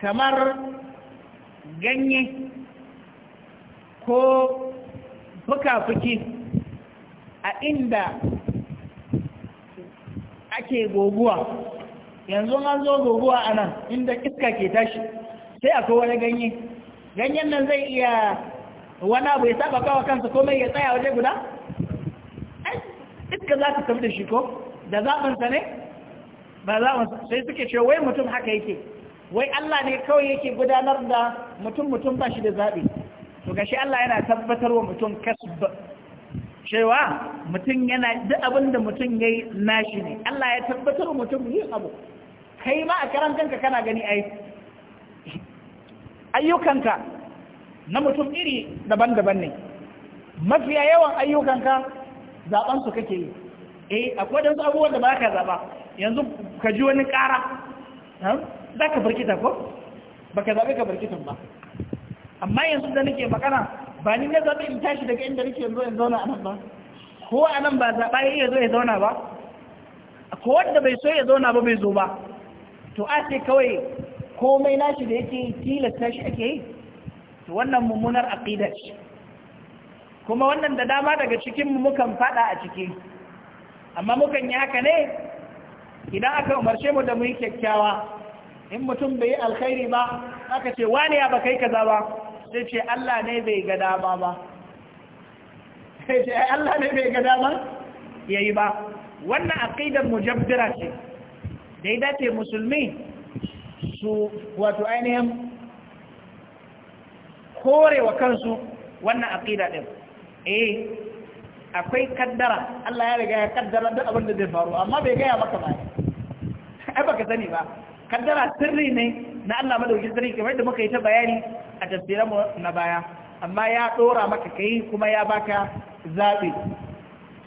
kamar ganye ko fuka-fuki a inda ake goguwa yanzu an zo goguwa a nan inda iska ke tashi sai akwai wani ganye ganyen nan zai iya wani abu ya saba kawa kansa komai ya tsaya waje guda? iska za ta tafi da shi ko da zaɓinsa ne? ba zaɓinsa sai suke ce wai mutum haka yake wai Allah ne kawai yake gudanar da mutum mutum ba shi da zaɓi to gashi Allah yana tabbatar wa mutum kasb cewa mutum yana duk abin da mutum ya yi nashi ne Allah ya tabbatar mutum yin abu kai ma a karan kanka kana gani ai ayyukanka na mutum iri daban-daban ne mafiya yawan ayyukanka zaben su kake yi eh akwai dan abubuwan da ka zaba yanzu ka ji wani ƙara za ka barkita ko ka zabe ka barkitan ba amma yanzu da nake magana ba ni na zaɓi in tashi daga inda nake yanzu in zauna a nan ba ko a nan ba zaɓa ya iya zo ya zauna ba ko wanda bai so ya zauna ba bai zo ba to a ce kawai komai nashi da yake tilasta shi ake yi to wannan mummunar aqidar ce kuma wannan da dama daga cikin mu mukan fada a ciki amma mukan yi haka ne idan aka umarce mu da mu yi kyakkyawa in mutum bai yi alkhairi ba aka ce wani ya ba kai kaza ba sai ce Allah ne bai ga dama ba sai ce Allah ne bai ga dama yayi ba wannan aqidar mujabbira ce da dace musulmi su wato ainihin kore wa kansu wannan aqida din eh akwai kaddara Allah ya riga ya kaddara duk abin da zai faru amma bai gaya maka ba ai baka sani ba kaddara sirri ne na Allah madaukakin sarki kamar da muka yi ta bayani a mu na baya amma ya dora maka kai kuma ya baka zabi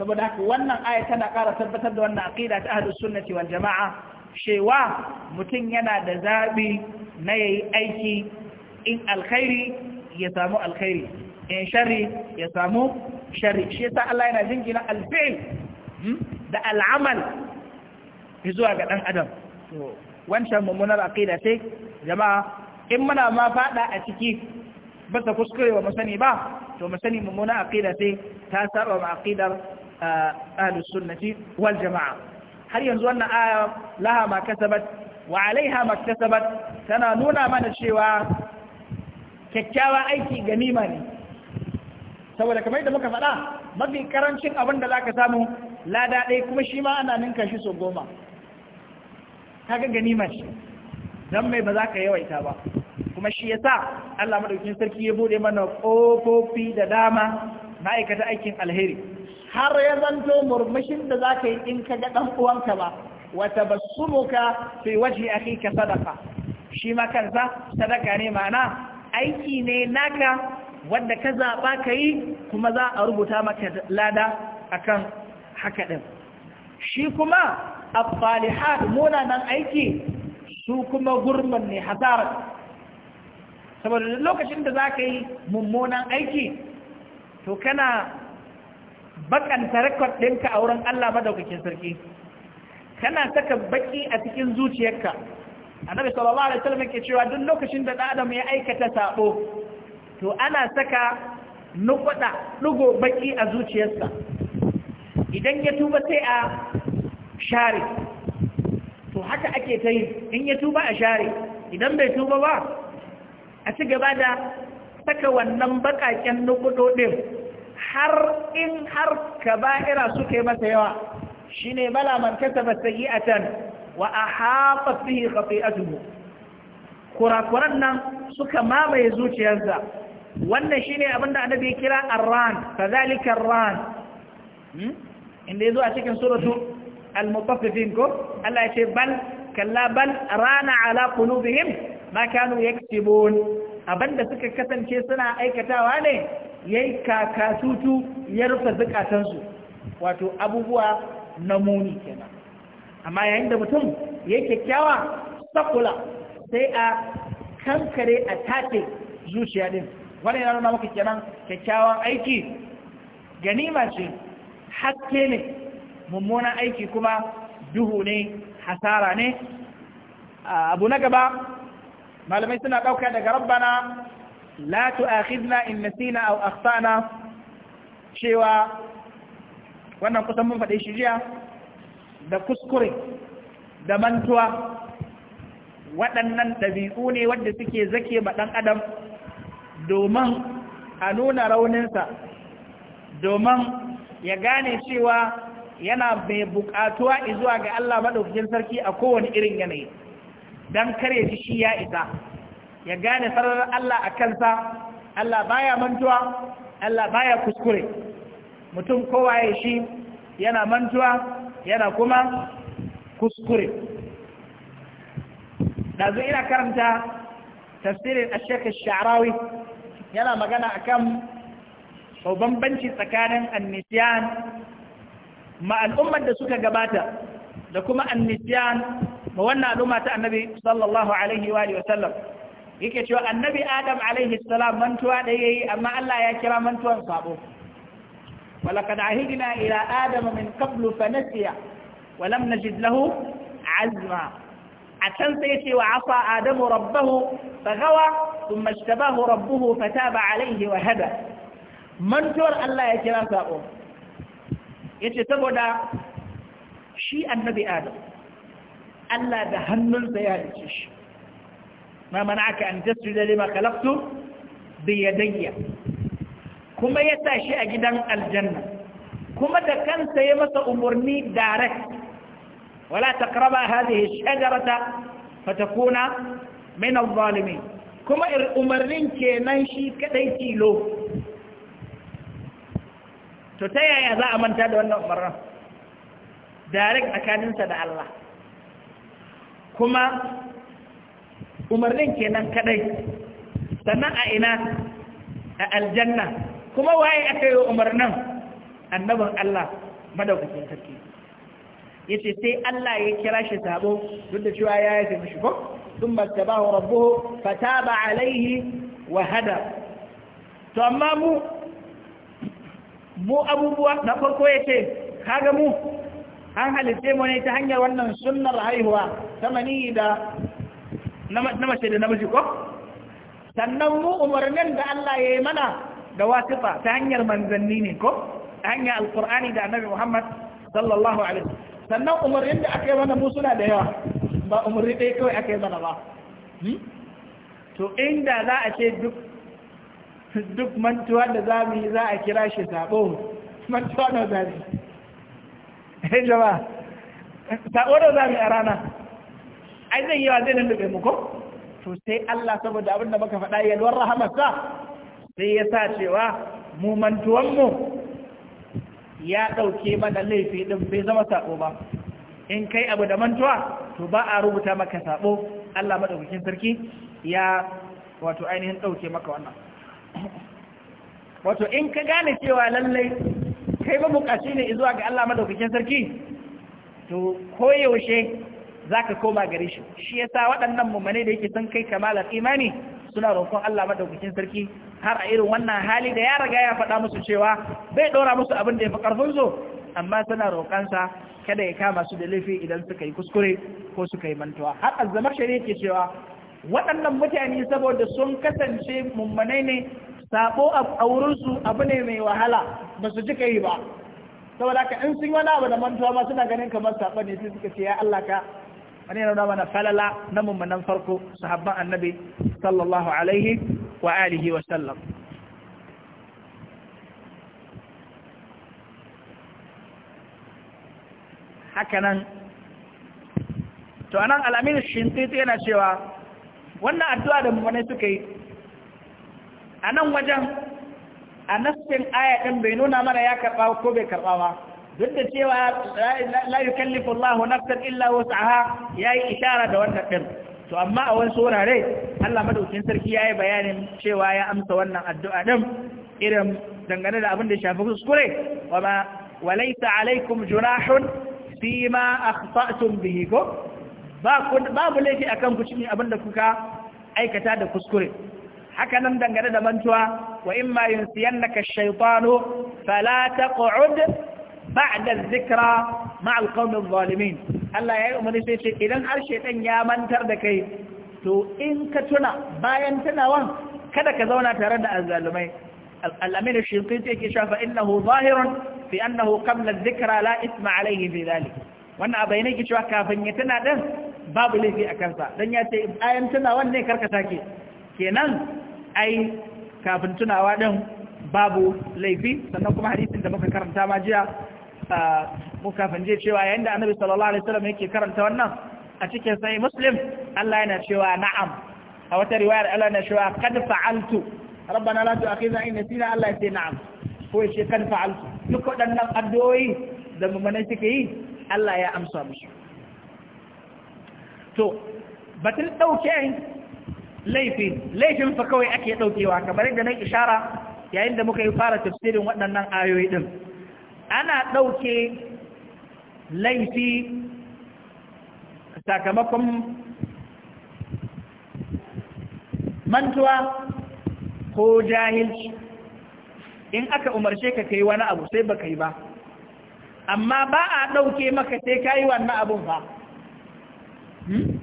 saboda haka wannan aya tana ƙara tabbatar da wannan aqida ta ahlus sunnati wal jamaa shewa mutum yana da zabi na yayi aiki in alkhairi ya samu alkhairi in sharri ya samu sharri shi yasa Allah yana jingina alfi'l hmm, da al'amal zuwa ga dan adam wancan mummunar aƙida sai jama'a in muna ma faɗa a ciki ba ta kuskure wa musani ba to musani mummunar aƙida sai ta saba ma aqidar ahlus sunnati wal jama'a har yanzu wannan aya laha ma kasabat wa alaiha ma kasabat tana nuna mana cewa kyakkyawa aiki ganima ne saboda kamar yadda muka faɗa mafi karancin abin da za ka samu lada ɗaya kuma shi ma ana ninka shi sau goma kaga ganima ce don mai ba za ka yawaita ba kuma shi ya sa, Allah maɗaukin sarki ya bude mana ƙofofi da dama ma'aikata aikin alheri har ya zanto murmushin da za ka yi in ka ga dan uwanka ba wa tabassumuka fi wajhi ka sadaka shi ma kansa sadaka ne ma'ana aiki ne naka wanda ka zaɓa ka yi kuma za a rubuta maka lada akan haka ɗin shi kuma as munanan aiki su kuma gurman ne hasara saboda lokacin da za ka yi mummunan aiki to kana bakanta record ɗinka a wurin Allah madaukakin sarki kana saka baki a cikin zuciyarka annabi sallallahu alaihi wasallam yake cewa duk lokacin da adam ya aikata sabo to ana saka nukuda dugo baki a zuciyarsa idan ya tuba sai a share to haka ake ta yi in ya tuba a share idan bai tuba ba a ci gaba da saka wannan bakaken nukudodin har in har ka baira suke masa yawa shine bala yi a can wa a kafe a khati'atuhu kurakuran nan suka mamaye zuciyarsa wannan shine abinda annabi anabi kira arran kadhalika ran hmm? inda zo a cikin suratu al-mutaffifin ko Allah ya ce bal kalla bal rana ala qulubihim ma kanu yaktubun abanda suka kasance suna aikatawa ne yayi kakatutu ya rufe zukatansu wato abubuwa na muni kenan amma yayin da mutum yayi kyakkyawa sakula sai a kankare a take zuciya din wani ya nuna maka kenan kyakkyawan aiki ganima ce hakke ne mummunan aiki kuma duhu ne hasara ne abu na gaba malamai suna ɗauka daga rabbana la tu'akhidna in nasina aw akhtana cewa wannan kusan mun faɗe shi jiya da kuskure da mantuwa waɗannan ɗabi'u ne wadda suke zake ma ɗan adam domin a nuna rauninsa domin ya gane cewa yana mai bukatuwa zuwa ga Allah madaukakin sarki a kowane irin yanayi dan ya shi shi ya isa ya gane sararar Allah a kansa Allah baya mantuwa Allah baya kuskure mutum kowa ya shi yana mantuwa yana kuma kuskure ɗazu ina karanta tafsirin ashekar sha'arawi yana magana akan bambanci tsakanin annisiyan ma al'ummar da suka gabata da kuma annisyan ma wannan al'umma ta annabi sallallahu alaihi wa sallam yake cewa annabi adam alaihi salam mantuwa da yayi amma Allah ya kira mantuwan sabo walaqad ahidna ila adam min qablu fanasiya wa lam najid lahu azma atan sai ce wa afa adamu rabbahu fagawa thumma ishtabahu rabbuhu fataba alaihi wa hada mantuwar Allah ya kira sabo yace saboda shi annabi adam Allah da hannunsa ya halice shi ma mana'aka an tasjuda lima khalaqtu bi yadayya kuma ya tashi a gidan aljanna kuma da kansa ya masa umarni direct wala taqraba hadhihi shajarata fatakuna min adh-dhalimin kuma umarnin kenan shi kadai tilo to ta yaya za a manta da wannan umarnin direct tsakaninsa da Allah kuma umarnin kenan kadai sannan a ina a aljanna kuma waye aka yi umarnin annabin Allah madaukakin sarki yace sai Allah ya kira shi sabo duk da cewa ya yi mishi ko sun mattabahu rabbuhu fataba alaihi wa hada to amma mu mu abubuwa na farko ya ce kaga mu an halitta mu ne ta hanyar wannan sunnar haihuwa ta mani da na mace da namiji ko sannan mu umarnin da Allah ya yi mana da wasifa ta hanyar manzanni ne ko ta hanyar alkur'ani da annabi Muhammad sallallahu alaihi sannan umarnin da aka yi mana mu suna da yawa ba umarni ɗaya kawai aka yi mana ba hmm? to inda za a ce duk duk mantuwa da za mu yi za a kira shi sabo mantuwa na za mu yi eh, jama sabo da za mu yi a rana ai zai yi wa zai nuna mu ko to sai Allah saboda abin da muka faɗa yalwar rahamarsa sai ya sa cewa mu mantuwanmu ya ɗauke mana laifi ɗin bai zama sabo ba in kai abu da mantuwa to ba a rubuta maka sabo Allah maɗaukakin sarki ya wato ainihin ɗauke maka wannan wato in ka gane cewa lallai kai ba ne zuwa ga Allah madaukakin sarki to koyaushe za ka koma gare shi shi ya waɗannan mummane da yake san kai kamalar imani suna roƙon Allah madaukakin sarki har a irin wannan hali da ya riga ya faɗa musu cewa bai ɗora musu abin da ya fi ƙarfinsu amma suna sa kada ya kama su da laifi idan suka yi kuskure ko suka yi mantuwa har azzamar shari'a ke cewa waɗannan mutane saboda sun kasance mummanai ne sabo a wurinsu abu ne mai wahala ba su jika yi ba saboda ka in sun yi wani abu da mantuwa ma suna ganin kamar sabo ne sai suka ce ya Allah ka wani yana mana falala na mummunan farko sahabban annabi sallallahu alaihi wa alihi wa sallam hakanan to anan alamin shintiti yana cewa wannan addu'a da mummunai suka yi a nan wajen a nassin aya ɗin bai nuna mana ya karɓa ko bai karɓa ba duk da cewa la yukallifu Allahu nafsan illa ya yayi ishara da wannan ɗin to amma a wani wurare Allah madaukin sarki yayi bayanin cewa ya amsa wannan addu'a ɗin irin dangane da abin da ya shafi kuskure wa ma walaysa alaikum junahun fima akhta'tum bihi ko babu laifi a kan cikin abin da kuka aikata da kuskure haka nan dangane da mantuwa wa in ma yin siyan na ka shaifano falata ƙo'ud ba da zikira ma'al zalimin Allah ya yi umarni sai ce idan har ya mantar da kai to in ka tuna bayan tunawan kada ka zauna tare da azzalumai الأمين fi كشاف إنه ظاهر في أنه قبل الذكرى لا Wannan عليه في ذلك وأن kafin ya tana يتنادن babu laifi a kansa don ya ce ayan tunawan ne karka ke, kenan ai kafin tunawa din babu laifi sannan kuma hadisin da muka karanta ma jiya mu kafin je cewa yayin da annabi sallallahu alaihi wasallam yake karanta wannan a cikin sai muslim Allah yana cewa na'am a wata riwayar Allah yana cewa kad fa'altu rabbana la tu'akhidna in nasina Allah ya ce na'am ko ya ce kad fa'altu duk waɗannan addu'o'i da mu mana suke yi Allah ya amsa musu to batun ɗauke laifin laifin fa kawai ake ɗaukewa kamar yadda na ishara yayin da muka yi fara tafsirin waɗannan ayoyi ɗin ana ɗauke laifi sakamakon mantuwa ko jahilci in aka umarce ka kai wani abu sai baka yi ba amma ba a ɗauke maka sai ka yi wannan abin ba Hmm?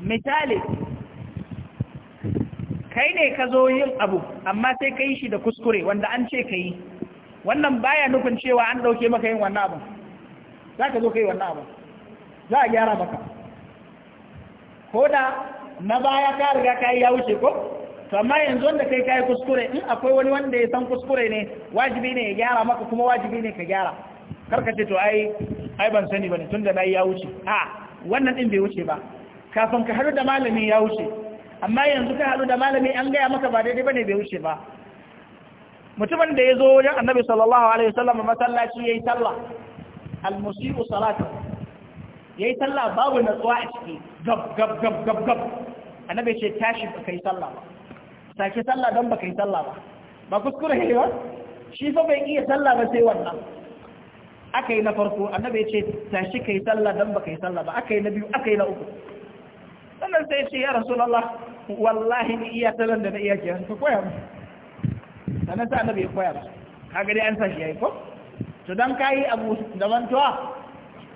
misali kai ne ka zo yin abu amma sai ka yi shi da kuskure wanda an ce ka yi wannan baya nufin cewa an ɗauke maka yin wannan abin za ka zo ka yi wannan abin za a gyara maka ko da na baya ka riga ka yi ya wuce ko amma yanzu wanda kai ka yi kuskure in akwai wani wanda ya san kuskure ne wajibi ne ya gyara maka kuma wajibi ne ka gyara karka ce to ai ai ban sani bane tunda na yi ya wuce a wannan ɗin bai wuce ba kafin ka haɗu da malami ya wuce amma yanzu ka haɗu da malami an gaya maka ba daidai ba ne bai wuce ba mutumin da ya zo wajen annabi sallallahu alaihi wasallam masallaci yayi sallah Salatu, ya yayi sallah babu natsuwa a ciki gab gab gab gab gab annabi ce tashi ba kai sallah ba sake sallah don ba kai sallah ba ba kuskure ne ba shi fa bai iya sallah ba sai wannan aka yi na farko annabi ya ce tashi kai sallah dan baka yi sallah ba aka yi na biyu aka yi na uku sannan sai ya ce ya rasulullah wallahi ni iya salon da na iya kiran ka koya mu sannan sai annabi ya koya ka kaga dai an sashi yayi ko to dan kai abu da mantuwa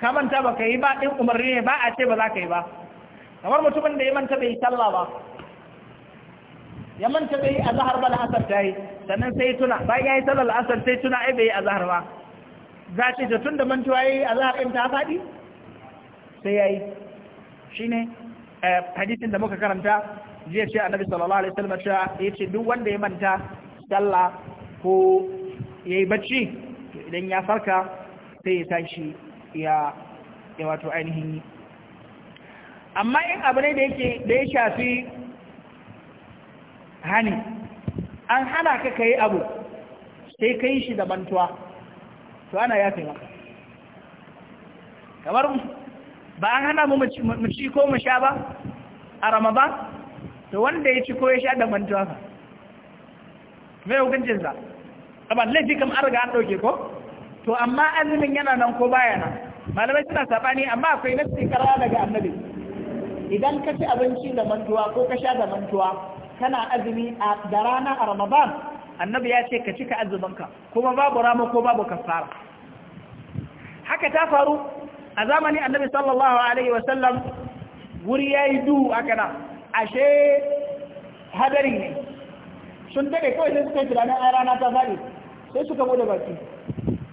ka manta baka yi ba din umarni ne ba a ce ba za ka yi ba kamar mutumin da ya manta bai sallah ba ya manta bai azhar ba da asar tayi sannan sai tuna bayan yayi sallar asar sai tuna ai bai azhar ba za ce da tun da mantuwa ya yi a za a ta faɗi sai ya yi shi ne eh, hadisin da muka karanta jiya ce a annabi sallallahu alaihi wasallam ta, ya ce duk wanda ya manta sallah ko ya yi bacci idan ya farka sai ya tashi ya ya wato ainihin yi amma in abu ne da yake da ya shafi hani an hana ka yi abu sai ka yi shi da mantuwa to ana yafe maka kamar ba an hana mu mu ci ko mu sha ba a ramadan to wanda ya ci ko ya sha da mantuwa ka. me hukuncin sa amma laifi kam an riga an dauke ko to amma azumin yana nan ko baya nan malamai suna sabani amma akwai nasi karara daga annabi idan ka ci abinci da mantuwa ko ka sha da mantuwa kana azumi da rana a ramadan annabi ya ce ka cika azumanka kuma babu rama ko babu kafara haka ta faru a zamanin annabi sallallahu alaihi wasallam wuri ya yi duhu aka nan ashe hadari ne sun dade kawai sai suka yi tunanin a rana ta faɗi sai suka bude baki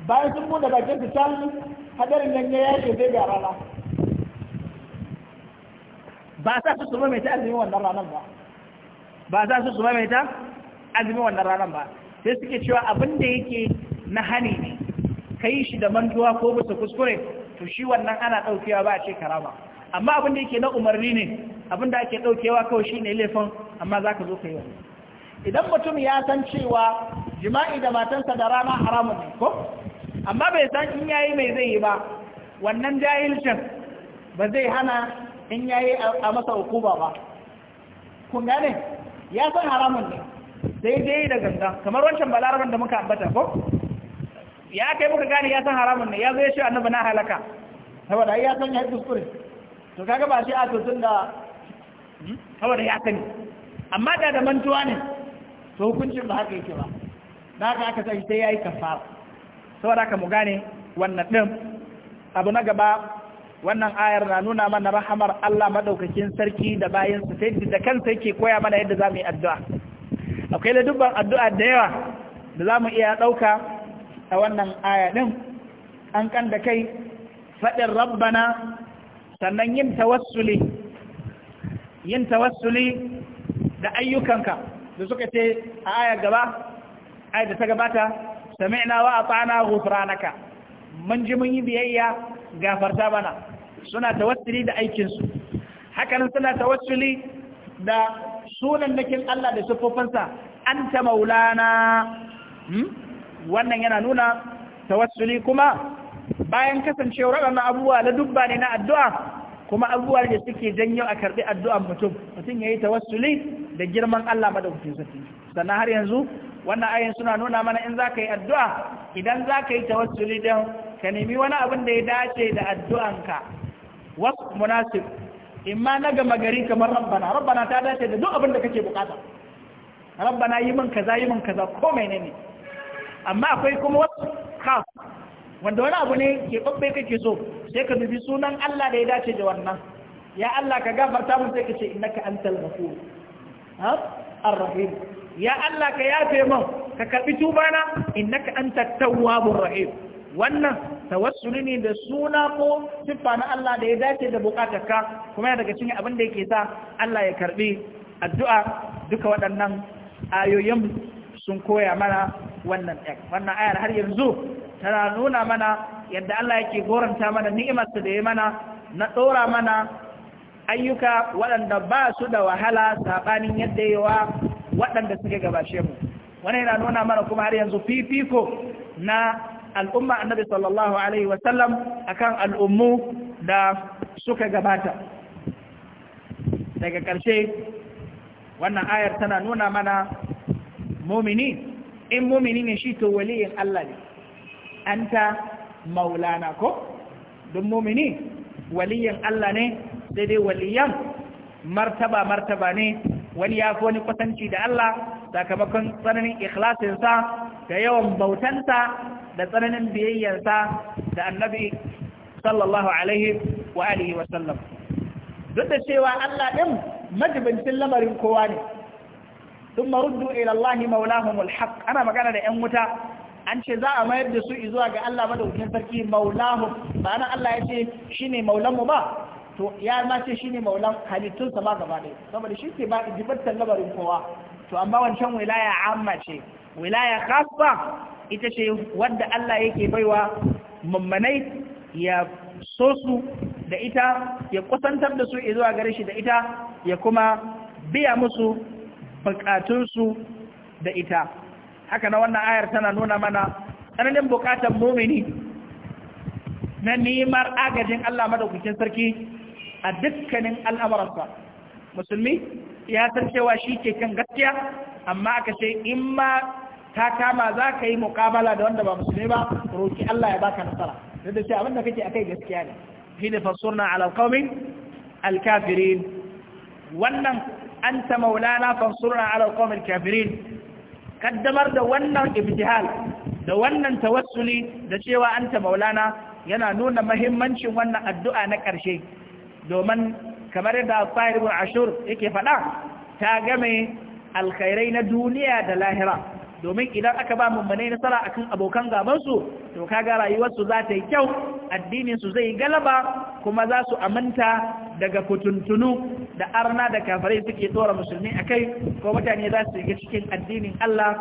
bayan sun bude bakin su can hadarin nan ya yake zai ga rana ba sa su suma mai ta azumi wannan ranar ba ba sa su suma mai ta azumin wannan ranar ba sai suke cewa abin da yake na hani ne ka yi shi da mantuwa ko bisa kuskure to shi wannan ana ɗaukewa ba a ce karama amma abin da yake na umarni ne abin da ake ɗaukewa kawai shi ne laifin amma za ka zo ka yi wani idan mutum ya san cewa jima'i da matansa da rana haramun ne ko amma bai san in ya yi mai zai yi ba wannan jahilcin ba zai hana in ya yi a masa hukuma ba kun gane ya san haramun ne sai dai da ganga kamar wancan balaraban da muka ambata ko ya kai muka gane ya san haramun ne ya zo ya ce annabi na halaka saboda ya san ya kuskure to kaga ba shi a to da hmm? saboda ya sani amma da da mantuwa ne to hukuncin ba haka yake ba da haka aka sai sai yayi kafara saboda haka mu gane wannan din abu na gaba wannan ayar na nuna mana rahamar Allah madaukakin sarki da bayan su sai da kansa yake koya mana yadda za mu yi addu'a akwai dubban addu'a da yawa da za mu iya ɗauka a wannan aya an kan da kai faɗin rabbana sannan yin tawassuli yin tawassuli da ayyukanka da suka ce a aya gaba aya da ta gabata sami'na wa tsana ghufranaka mun ji mun yi biyayya gafarta bana suna tawassuli da aikinsu. hakanan suna tawassuli da sunan nakin Allah da siffofinsa anta maulana hmm? wannan yana nuna tawassuli kuma bayan kasancewar waɗannan abubuwa na dubba ne na addu'a kuma abubuwa da suke janyo a karɓi addu'an mutum mutum ya yi tawassuli da girman Allah madaukakin sarki sannan har yanzu wannan ayin suna nuna mana in za ka yi addu'a idan za ka yi tawassuli don ka nemi wani abin da ya dace da addu'anka wasu munasib imma na gama gari kamar rabbana rabbana ta dace da duk abin da kake bukata rabbana yi min kaza yi min kaza ko menene amma akwai kuma wasu khas wanda wani abu ne ke babbe kake so sai ka dubi sunan Allah da ya dace da wannan ya Allah ka gafarta mun sai ka ce innaka antal ghafur ha ar-rahim ya Allah ka yafe min ka karbi tubana innaka antat tawwabur rahim wannan tawassuli ne da suna ko siffa na Allah da ya dace da ka, kuma daga cikin abin da yake sa Allah ya karbi addu'a duka waɗannan ayoyin sun koya mana wannan ɗan wannan ayar har yanzu tana nuna mana yadda Allah yake goranta mana ni'imarsa da ya mana na ɗora mana ayyuka waɗanda ba su da wahala saɓanin yadda yawa waɗanda suke gabashe mu wani yana nuna mana kuma har yanzu fifiko na al'umma annabi sallallahu alaihi wasallam akan al'ummu da suka gabata daga ƙarshe wannan ayar tana nuna mana mumini in mumini ne shi to waliyin Allah ne anta maulana ko don mumini waliyin Allah ne daidai waliyan martaba martaba ne wani ya fi wani kwatanci da Allah sakamakon tsananin ikhlasinsa da yawan bautansa da tsananin biyayyarsa da annabi sallallahu alaihi wa alihi wa sallam duk da cewa Allah din majibincin lamarin kowa ne sun maruddu ila Allah maulahumul ana magana da ƴan wuta an ce za a mayar da su izuwa ga Allah madaukakin sarki maulahu. ba na Allah ya ce shine maulan mu ba to ya ma ce shi ne maulan halittun sa ba gaba ɗaya saboda shi ke ba jibantar lamarin kowa to amma wancan wilaya amma ce wilaya khassa ita ce wadda Allah yake baiwa mummanai ya so su da ita ya kusantar da su zuwa gare shi da ita ya kuma biya musu bukatunsu da ita haka na wannan ayar tana nuna mana tsananin bukatan mumini na nimar agajin Allah madaukakin sarki a dukkanin al'amuransa musulmi ya san cewa shi ke kan gaskiya amma aka ce in ma ta kama za ka yi muƙabala da wanda ba musulmi ba roki Allah ya baka nasara duk da cewa abin da kake akai gaskiya ne shine fasurna ala alqawmin alkafirin wannan anta maulana fansurna ala alqawmin alkafirin kaddamar da wannan ibtihal da wannan tawassuli da cewa anta maulana yana nuna mahimmancin wannan addu'a na ƙarshe domin kamar yadda Sa'ir ibn Ashur yake faɗa ta game alkhairai na duniya da lahira domin idan aka ba mummunai nasara akan abokan gabansu to kaga rayuwarsu za ta yi kyau addininsu zai yi galaba kuma za su aminta daga kutuntunu da arna da kafarai suke tsora musulmi a kai ko mutane za su shiga cikin addinin Allah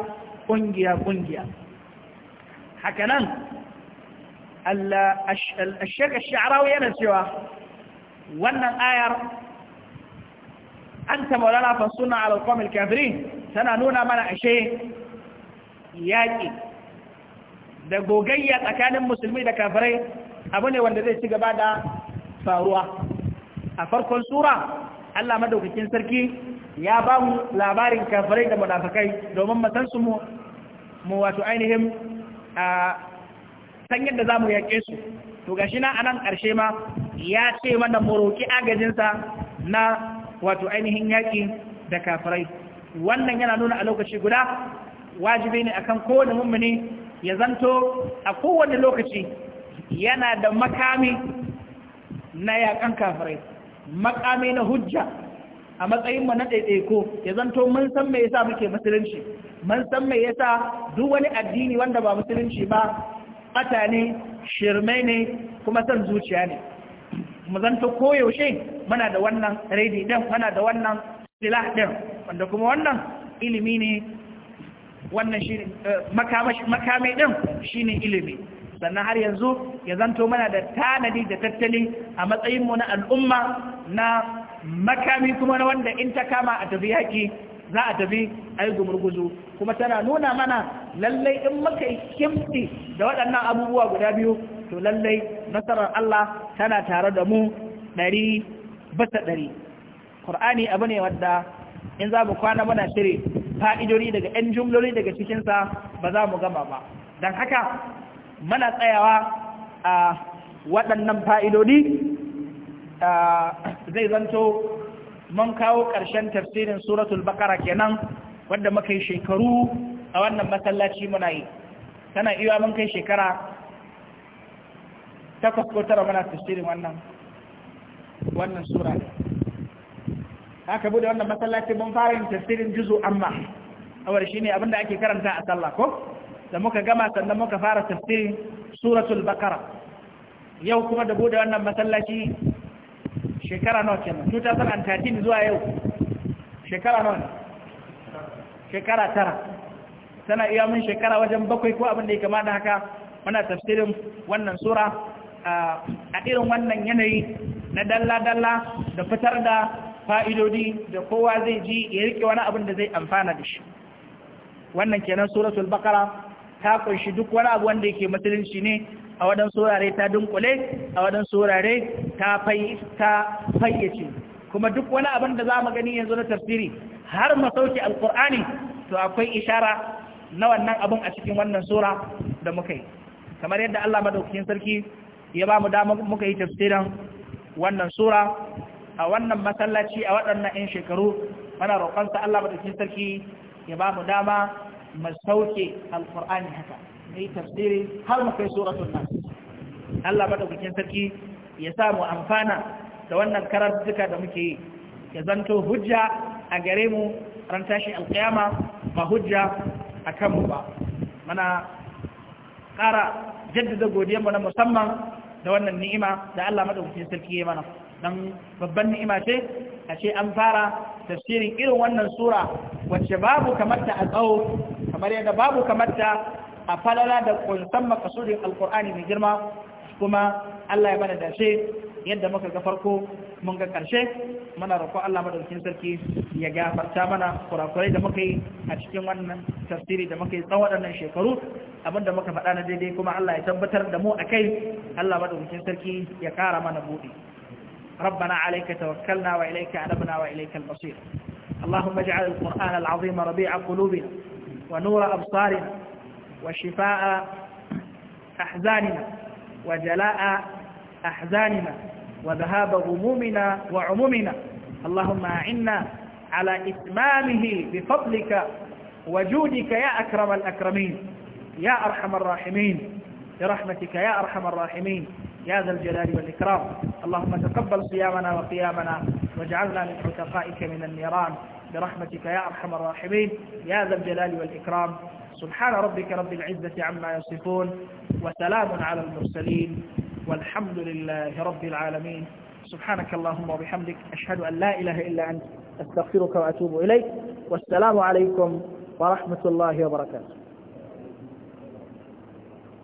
ƙungiya-ƙungiya hakanan shekar sha'arawa yana cewa wannan ayar an tamarana fasuna al kafirin tana nuna mana ashe yaƙi da gogayya tsakanin musulmi da kafirai abu ne wanda zai ci gaba da faruwa a farkon sura Allah madaukakin sarki ya ba mu labarin kafirai da munafikai domin matansu mu mu wato ainihin a san yadda za mu yaƙe su to gashi na anan ƙarshe ma ya ce mana mu roƙi agajinsa na wato ainihin yaƙi da kafirai wannan yana nuna a lokaci guda wajibi ne akan kowane mummuni ya zanto a kowane lokaci yana da makami na yaƙan kafirai makami na hujja a matsayinmu na ɗaiɗaiko ya zanto mun san me yasa muke musulunci mun san me yasa duk wani addini wanda ba musulunci ba ɓata ne shirme ne kuma san zuciya ne mu zanto koyaushe muna da wannan raidi ɗin muna da wannan silah ɗin wanda kuma wannan ilimi ne wannan shi eh, makamai ɗin shi ne ilimi sannan har yanzu ya zanto mana da tanadi da tattali a matsayinmu na al'umma na makami kuma na wanda in ta kama a tafi yaƙi za a tafi a yi gumurguzu kuma tana nuna mana lallai in maka kimti da waɗannan abubuwa guda biyu to lallai nasarar Allah tana tare da mu ɗari basa ɗari ƙur'ani abu ne wadda in za mu kwana mana cire fa'idori daga ‘yan jumloli daga cikinsa ba za mu gama ba don haka mana tsayawa a waɗannan fa'idodi zai zanto mun kawo ƙarshen tafsirin suratul bakara kenan wadda muka yi shekaru a wannan masallaci muna yi tana iya mun kai shekara takwas ko tara muna tafsirin wannan sura ne haka bude wannan masallaci mun fara yin tafsirin juzu amma awar shine abinda ake karanta a sallah ko da muka gama sannan muka fara tafsirin suratul bakara yau kuma da bude wannan masallaci shekara nawa kenan 2013 zuwa yau shekara nawa shekara tara tana iya mun shekara wajen bakwai ko abin da ya kama da haka muna tafsirin wannan sura a irin wannan yanayi na dalla-dalla da fitar da fa'idodi da kowa zai ji ya rike wani abin da zai amfana da shi wannan kenan suratul bakara ta ƙunshi duk wani abu wanda yake musulunci ne a wadan surare ta dunkule a wadan surare ta fayyace kuma duk wani abin da za mu gani yanzu na tafsiri har masauki sauke to akwai ishara na wannan abin a cikin wannan sura da muka yi kamar yadda Allah madaukakin sarki ya ba mu dama muka yi tafsirin wannan sura a wannan masallaci a waɗannan 'yan shekaru mana roƙonsa Allah madaukin sarki ya ba mu dama mu sauke alƙur'ani haka mu yi tafsiri har mu kai suratul nas Allah madaukakin sarki ya sa mu amfana da wannan karantuka da muke yi ya zanto hujja a gare mu ran tashi alƙiyama ba hujja a kanmu ba mana ƙara jaddada mu na musamman da wannan ni'ima da Allah madaukakin sarki ya mana dan babban ni'ima ce a ce an fara tafsirin irin wannan sura wacce babu kamarta a tsawo kamar yadda babu kamarta a falala da kunsan makasudin alkur'ani mai girma kuma Allah ya bada dace yadda muka ga farko mun ga karshe muna roƙo Allah madaukakin sarki ya gafarta mana kurakurai da muka yi a cikin wannan tafsiri da muka yi tsawon waɗannan shekaru abinda muka faɗa na daidai kuma Allah ya tabbatar da mu akai Allah madaukakin sarki ya ƙara mana buɗe ربنا عليك توكلنا وإليك أنبنا وإليك المصير اللهم اجعل القرآن العظيم ربيع قلوبنا ونور أبصارنا وشفاء أحزاننا وجلاء أحزاننا وذهاب غمومنا وعمومنا اللهم أعنا على إتمامه بفضلك وجودك يا أكرم الأكرمين يا أرحم الراحمين برحمتك يا أرحم الراحمين يا ذا الجلال والإكرام اللهم تقبل صيامنا وقيامنا واجعلنا من عتقائك من النيران برحمتك يا أرحم الراحمين يا ذا الجلال والإكرام سبحان ربك رب العزة عما يصفون وسلام على المرسلين والحمد لله رب العالمين سبحانك اللهم وبحمدك أشهد أن لا إله إلا أنت أستغفرك وأتوب إليك والسلام عليكم ورحمة الله وبركاته